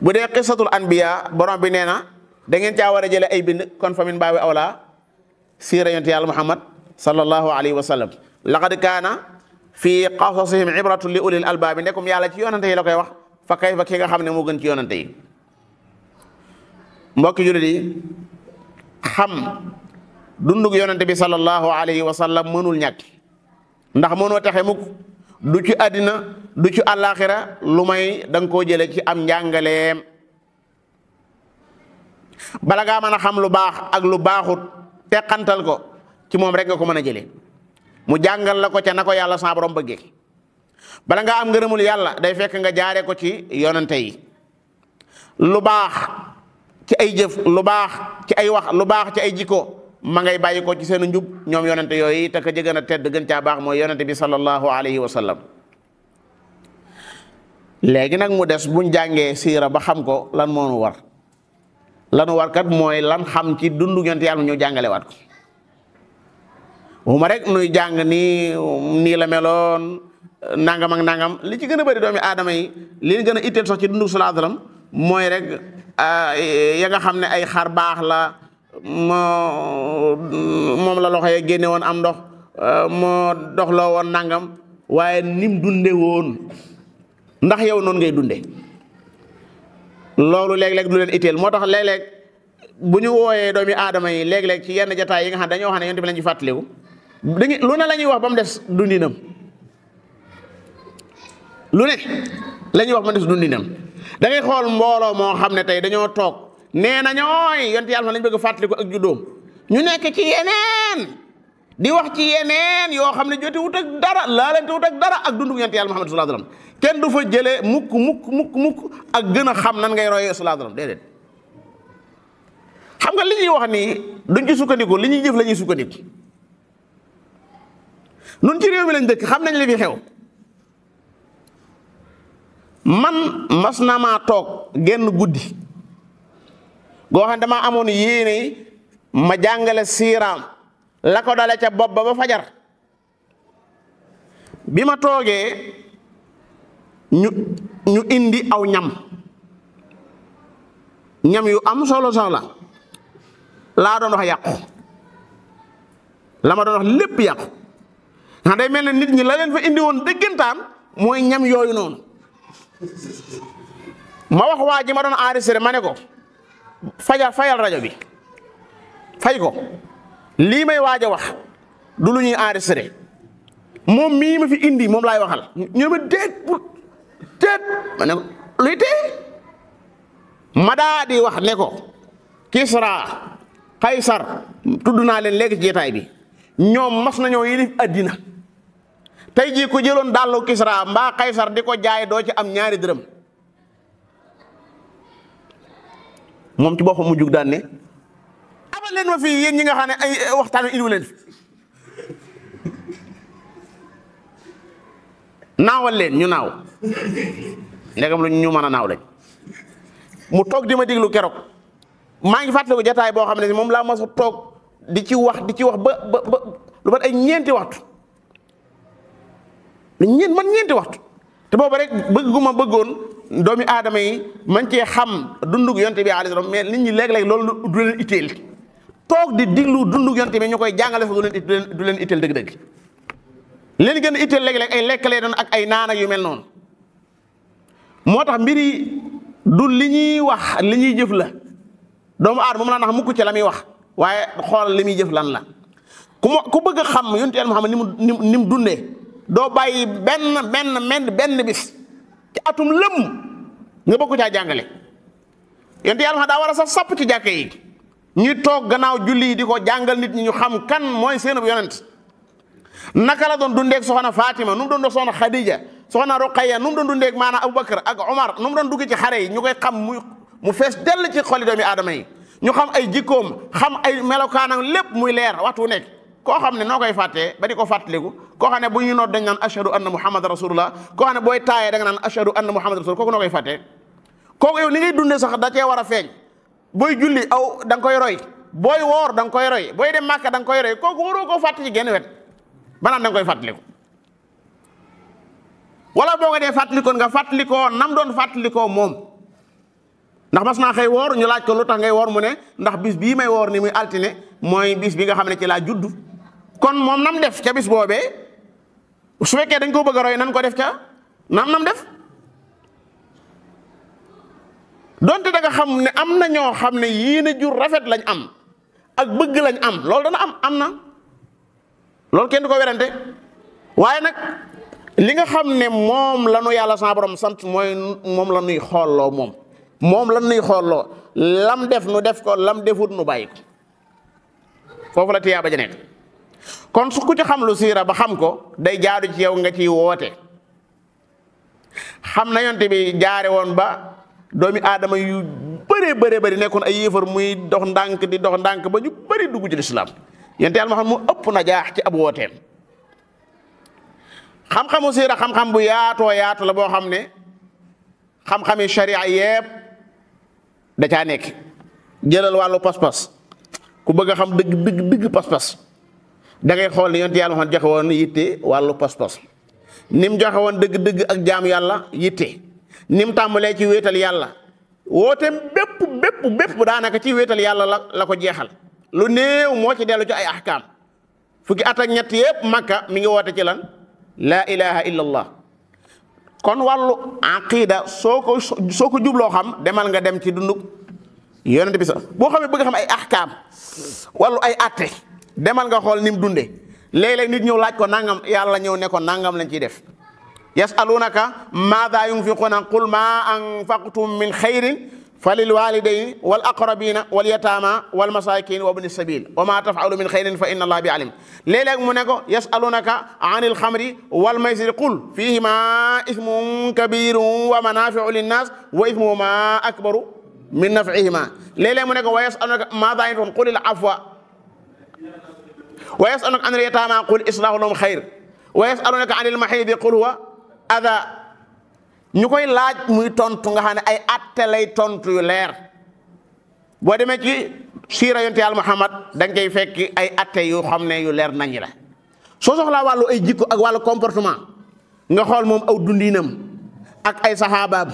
bu dee xisatul anbiya borom bi nee na da ngeen caa war a jële ay bind kon famin baabi awla siira yonent yàlla muhammad sallallahu alayhi wa sallam laqad kaana fii qasasihim ibratun li ulil albaabi ndekum yàlla ci yonante yi la koy wax fa kayfa ki nga xam ne moo gën ci yonante yi mbokki jullit yi xam dundug yonente bi sallallahu alayhi wa mënul ñàkk ndax mënoo taxe mukk du ci àddina du ci àllaaxira lu may danga koo jële ci am njàngaleem bala ngaa mën a xam lu baax ak lu baaxut teqantal ko ci moom rek nga ko mën a jële mu jàngal la ko ca na ko yàlla sa borom bëggee bala ngaa am ngërëmul yàlla day fekk nga jaare ko ci yonente yi lu baax ci ay jëf lu baax ci ay wax lu baax ci ay jikko ma ngay bàyyi ko ci seen njub ñoom yonente yooyu te ka jëgën tedd gën caa baax mooy yonente bi sallallahu alayhi wa sallam léegi nag mu des buñ jàngee siira ba xam ko lan moo war lanu war kat mooy lan xam ci dundu yonente yàlla ñu jàngale waat ko waxuma rek nuy jàng nii nii la meloon nangam ak nangam li ci gën a bëri doomi aadama yi li gën a itteel sax ci dundu sallallahu alayhi wa sallam mooy rek ya nga xam ne ay xar baax la moo moom la loxo yee génne woon am ndox moo doxloo woon nangam waaye nim dunde woon ndax yow noonu ngay dunde loolu léeg-léeg du leen itteel moo tax léeg-léeg bu ñu wooyee doomi aadama yi léeg-léeg ci yenn jataay yi nga xam ne dañoo wax ne yonent bi lañu fàttaliku dañu lu ne la ñuy wax ba mu des dundinam lu ne la ñuy wax ba mu des dundinam da ngay xool mbooloo moo xam ne tey dañoo toog nee na ñooy yonti yàlla lañ bëgg fàttaliku ak juddoom ñu nekk ci yeneen di wax ci yeneen yoo xam ne joti wut ak laa laalante wut ak dara ak dundu yonti yàlla Muhammad sallallahu kenn du fa jëlee mukk mukk mukk mukk ak gën a xam nan ngay roy sallallahu de wasallam déedéet xam nga li ñuy wax nii duñ ci sukkandiku li ñuy jëf lañuy ñuy sukkandiku nun ci réew mi lañ dëkk xam nañ li xew man mas na maa toog genn guddi goo xam ne damaa amoon yéene ma jàngale siiraam la ko dale ca bopp ba ba fajar bi ma toogee ñu indi aw ñam ñam yu am solo sax laa doon wax yàqu lama ma doon wax lépp yàqu ndax day mel na nit ñi la leen fa indi woon dëggantaan mooy ñam yooyu noonu ma wax waa ji ma doon enregistré ma ne ko fajal fayal rajo bi fay ko lii may waaj a wax du lu ñuy enregistré moom mii ma fi indi moom laay waxal ñu ma déet pour déet ma ne ko luy tee ma daa wax ne ko Kisra Kaysar tudd naa leen léegi ci jotaay bi ñoom mas nañoo yilif addina tey jii ku jëloon dàllu Kisra mbaa Kaysar di ko jaay doo ci am ñaari dërëm moom ci boppam mu jug daan ne amal leen ma fii yéen ñi nga xam ne ay waxtaan wi indiwu leen naawal leen ñu naaw ndegam lu ñu mën a naaw lañ mu toog di ma déglu keroog maa ngi fàttaliku jataay boo xam ne moom laa mos toog di ci wax di ci wax ba ba ba lu mat ay ñeenti waxtu. ñeent man ñeenti waxtu te booba rek bëgg gu ma bëggoon doomi aadama yi man cee xam dundug yonte bi alayhi salaam mais nit ñi léeg-léeg loolu du leen itteel toog di diglu dundug yonte bi ñu koy jàngale fa du leen du leen itteel dëgg-dëgg leen gën a itteel ay lekk lay ak ay naana yu mel noonu moo tax mbir yi du li ñuy wax li ñuy jëf la doomu aadama moom laa nax mukk ci la muy wax waaye xool li muy jëf lan la ku ma ku bëgg a xam yonte yàlla Muhammad ni mu ni mu dundee doo bàyyi benn benn menn benn bis ci atum lëmm nga bëgg caa jàngale yonte yàlla daa war a sax sapp ci jàkke yi ñi toog gannaaw julli yi di ko jàngal nit ñi ñu xam kan mooy seenub yonent naka la doon dundeeg soxna Fatima nu mu doon doon soxna Khadija soxna Roqaya nu mu doon dundeeg maanaam Aboubacar ak Omar nu mu doon dugg ci xare yi ñu koy xam mu mu fees dell ci xoli doomi adama yi ñu xam ay jikkoom xam ay melokaanam lépp muy leer waxtu wu nekk. koo xam ne noo koy fàttee ba di ko fàttaliku koo xam ne bu ñu noo dañ naan ashhadu anna muhammad rasulullah koo xam ne booy taayee da nga naan ashhadu anna muhammad rasulullah kooku noo koy fàttee kooku yow ni ngay dundee sax da cee war a feeñ booy julli aw da nga koy roy booy woor danga koy roy booy dem màkka danga koy roy kooku waroo koo fàtte ci genn wet ba naan da nga koy fàttaliku wala boo ko dee fàttalikoo nga fàttalikoo nam doon fàttalikoo moom ndax mas naa xëy woor ñu laaj ko lu tax ngay woor mu ne ndax bis bii may woor ni muy altine mooy bis bi nga xam ne ci laa juddu kon moom nam def ca bis boobee su fekkee dañ koo bëgg a roy nan ko def ca nam nam def donte da xam ne am na ñoo xam ne yéene jur rafet lañ am ak bëgg lañ am loolu dana am am na loolu kenn du ko werante waaye nag li nga xam ne moom la nu yàlla sa borom sant mooy moom la nuy xooloo moom moom lan nuy xoolloo lam def nu def ko lam defut nu bàyyi foofu la tiyaa ba ja nekk kon su ku ci xam lu siira ba xam ko day jaaru ci yow nga ciy woote xam na yonte bi jaare woon ba doomi aadama yu bëree bëree bëri nekkoon ay yéefar muy dox ndànk di dox ndànk ba ñu bëri dugg ci lislaam yonte mu ëpp na jaax ci ab wooteem xam-xamu siira xam-xam bu yaatoo yaatu la boo xam ne xam-xami sharia yépp da caa nekk jëlal wàllu pas-pas ku bëgg a xam dëgg dëgg dëgg pas-pas da xool ne yonent yàlla moo joxe woon yitte wàllu pas-pas ni mu joxe woon dëgg-dëgg ak jaam yàlla yitte ni mu tàmbalee ci wéetal yàlla wooteem bépp bépp bépp daanaka ci wéetal yàlla la la ko jeexal lu néew moo ci dellu ci ay ahkaam fukki at ñett yëpp makka mi ngi woote ci lan laa ilaha illallah kon wàllu aqida soo ko soo ko jubloo xam demal nga dem ci dundug yonent bi boo xamee bëgg xam ay ahkaam wàllu ay atte demal nga xool ni mu dundee léeg nit ñëw laaj ko nangam yàlla ñëw nekkoon nangam lañ ciy def yasalunaka maada yunfiquna qul ma anfaqtum min xayrin falil walidaini wal aqrabina wal yataama wal masakin wa bni sabil wa ma tafalu min xayrin fa inna allah bi alim léeg-léeg mu ne ko yasalunaka an il xamri wal maysiri qul fihima ismun kabirun wa manafiu linnas wa ismuhuma akbaru min nafihima léeg-léeg mu ne ko wa yasalunaka maada yanfa'un qul il afwa wa yasalunaka an il yataama qul islahu lahum xayr wa yasalunaka an il mahidi qul huwa ada ñu koy laaj muy tontu nga xam ne ay atte lay tontu yu leer boo demee ci siira yonte yàlla Muhammad da koy fekk ay atte yu xam ne yu leer nañ la soo soxlaa wàllu ay jikko ak wàllu comportement nga xool moom aw dundinam ak ay saxaabaam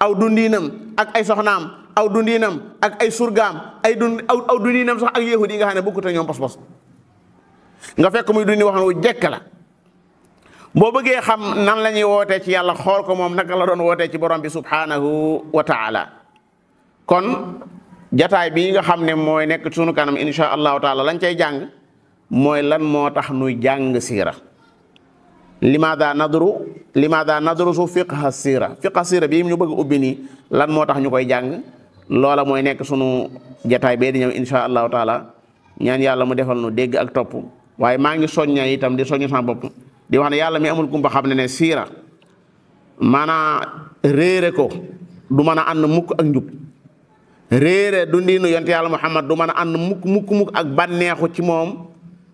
aw dundiinam ak ay soxnaam aw dundiinam ak ay surgaam ay dund aw dundiinam sax ak yahudi yi nga xam ne bokkut ak ñoom pos-pos nga fekk muy dundi wax ne wu jekk la boo bëggee xam nan la ñuy wootee ci yàlla xool ko moom naka la doon wootee ci borom bi subhanahu wa taala kon jataay bi nga xam ne mooy nekk sunu kanam insha allahu taala lañ cay jàng mooy lan moo tax nuy jàng siira limaada nadru limaada nadrusu fiqha siira fiqha siira bii ñu bëgg ubbi nii lan moo tax ñu koy jàng loola mooy nekk sunu jataay bee di ñëw insha allahu taala ñaan yàlla mu defal nu dégg ak topp waaye maa ngi soñña itam di soññ sama bopp di wax na yàlla mi amul kumba xam ne ne siira maanaa réere ko du mën a ànd mukk ak njub réere du ndiinu yonte yàlla mu muhammad du mën a ànd mukk mukk mukk ak bànneexu ci moom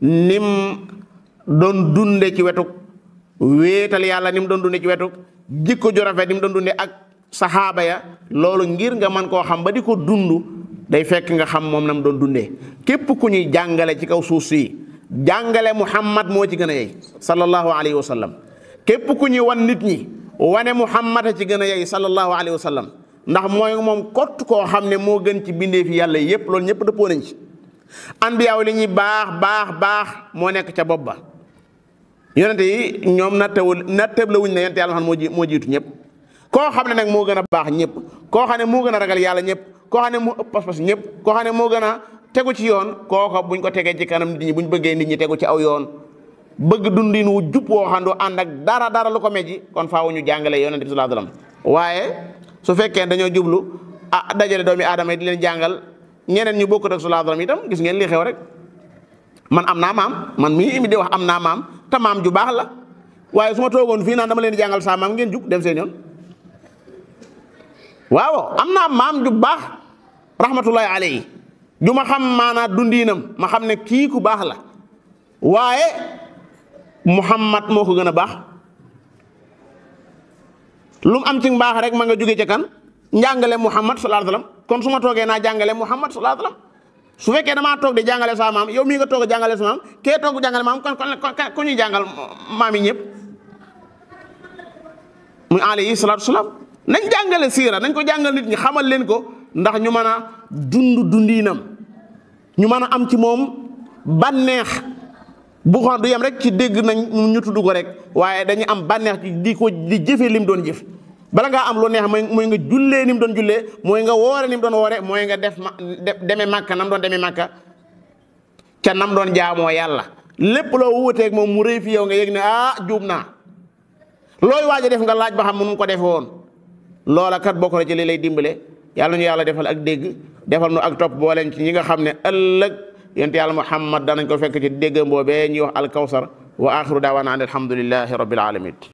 nim doon dunde ci wetuk wéetal yàlla ni mu doon dunde ci wetuk jikko ju rafet ni mu doon dunde ak saxaaba ya loolu ngir nga mën koo xam ba di ko dund day fekk nga xam moom na mu doon dundee képp ku ñuy jàngale ci kaw suuf si jàngale muhammad moo ci gën a yey sallallahu alayhi wa sallam képp ku ñu won nit ñi wane muhammad a ci gën a yey sallallahu alayhi wa sallam ndax mooy moom kott koo xam ne moo gën ci bindeefi yàlla yépp loolu ñëpp dëppoo nañ ci anbiyaaw li ñuy baax baax baax moo nekk ca bopp ba yonente yi ñoom nattewul natteeb la wuñ ne yonente yàlla moo ji ñëpp koo xam ne nag moo gën a baax ñëpp koo xam ne moo gën a ragal yàlla ñëpp koo xam ne koo xam ne moo gën a tegu ci yoon kooka buñ ko tegee ci kanam nit ñi ñu bëggee nit ñi tegu ci aw yoon bëgg dundin wu jub woo xam du ànd ak dara dara lu ko meji kon faaw ñu jàngale yonent bi sallallahu alayhi waaye su fekkee dañoo jublu a ah, dajale doomi aadama yi di leen jàngal ñeneen ñu bokkut ko def su wasallam itam gis ngeen li xew rek man am naa maam man mii mi di wax am naa maam te maam ju baax la waaye su ma toogoon fii naan dama leen jàngal saa maam ngeen jug dem seen yoon waaw am naa maam ju baax rahmatullahi alayhi du ma xam maanaa dundiinam ma xam ne kii ku baax la waaye muhammad moo ko gën a baax lu mu am ci mbaax rek ma nga jóge ca kan njàngale muhammad sallallahu alayhi wasallam kon su ma toogee naa jàngale muhammad su alayhi wasallam su fekkee damaa toog de jàngale saa maam yow mii nga toog a jàngale sa maam kee toog jàngale maam kon kon ku ñuy jàngal maam yi ñëpp muy alayhi salaatu salaam nañ jàngale siira nañ ko jàngal nit ñi xamal leen ko ndax ñu mën a dund dundiinam ñu mën a am ci moom bànneex bu xam du yem rek ci dégg nañ ñu tudd ko rek waaye dañu am banneex ci di ko di jëfee lim doon jëf bala ngaa am lu neex mooy mooy nga jullee ni mu doon jullee mooy nga woore ni mu doon woore mooy nga def ma deme màkka nam doon deme màkka ca nam doon jaamoo yàlla lépp loo wuuteeg moom mu rëy fi yow nga yëg ne ah juum naa looy waaj a def nga laaj ba xam nu mu ko defee woon loola kat bokk na lay dimbale yàlla ñu yàlla defal ak dégg defal nu ak topp booleen ci ñi nga xam ne ëllëg yonent yàlla muhammad danañ ko fekk ci déggam boobee ñuy wax alkawsar wa axiru daawaana an alhamdulillahi rabbil alamin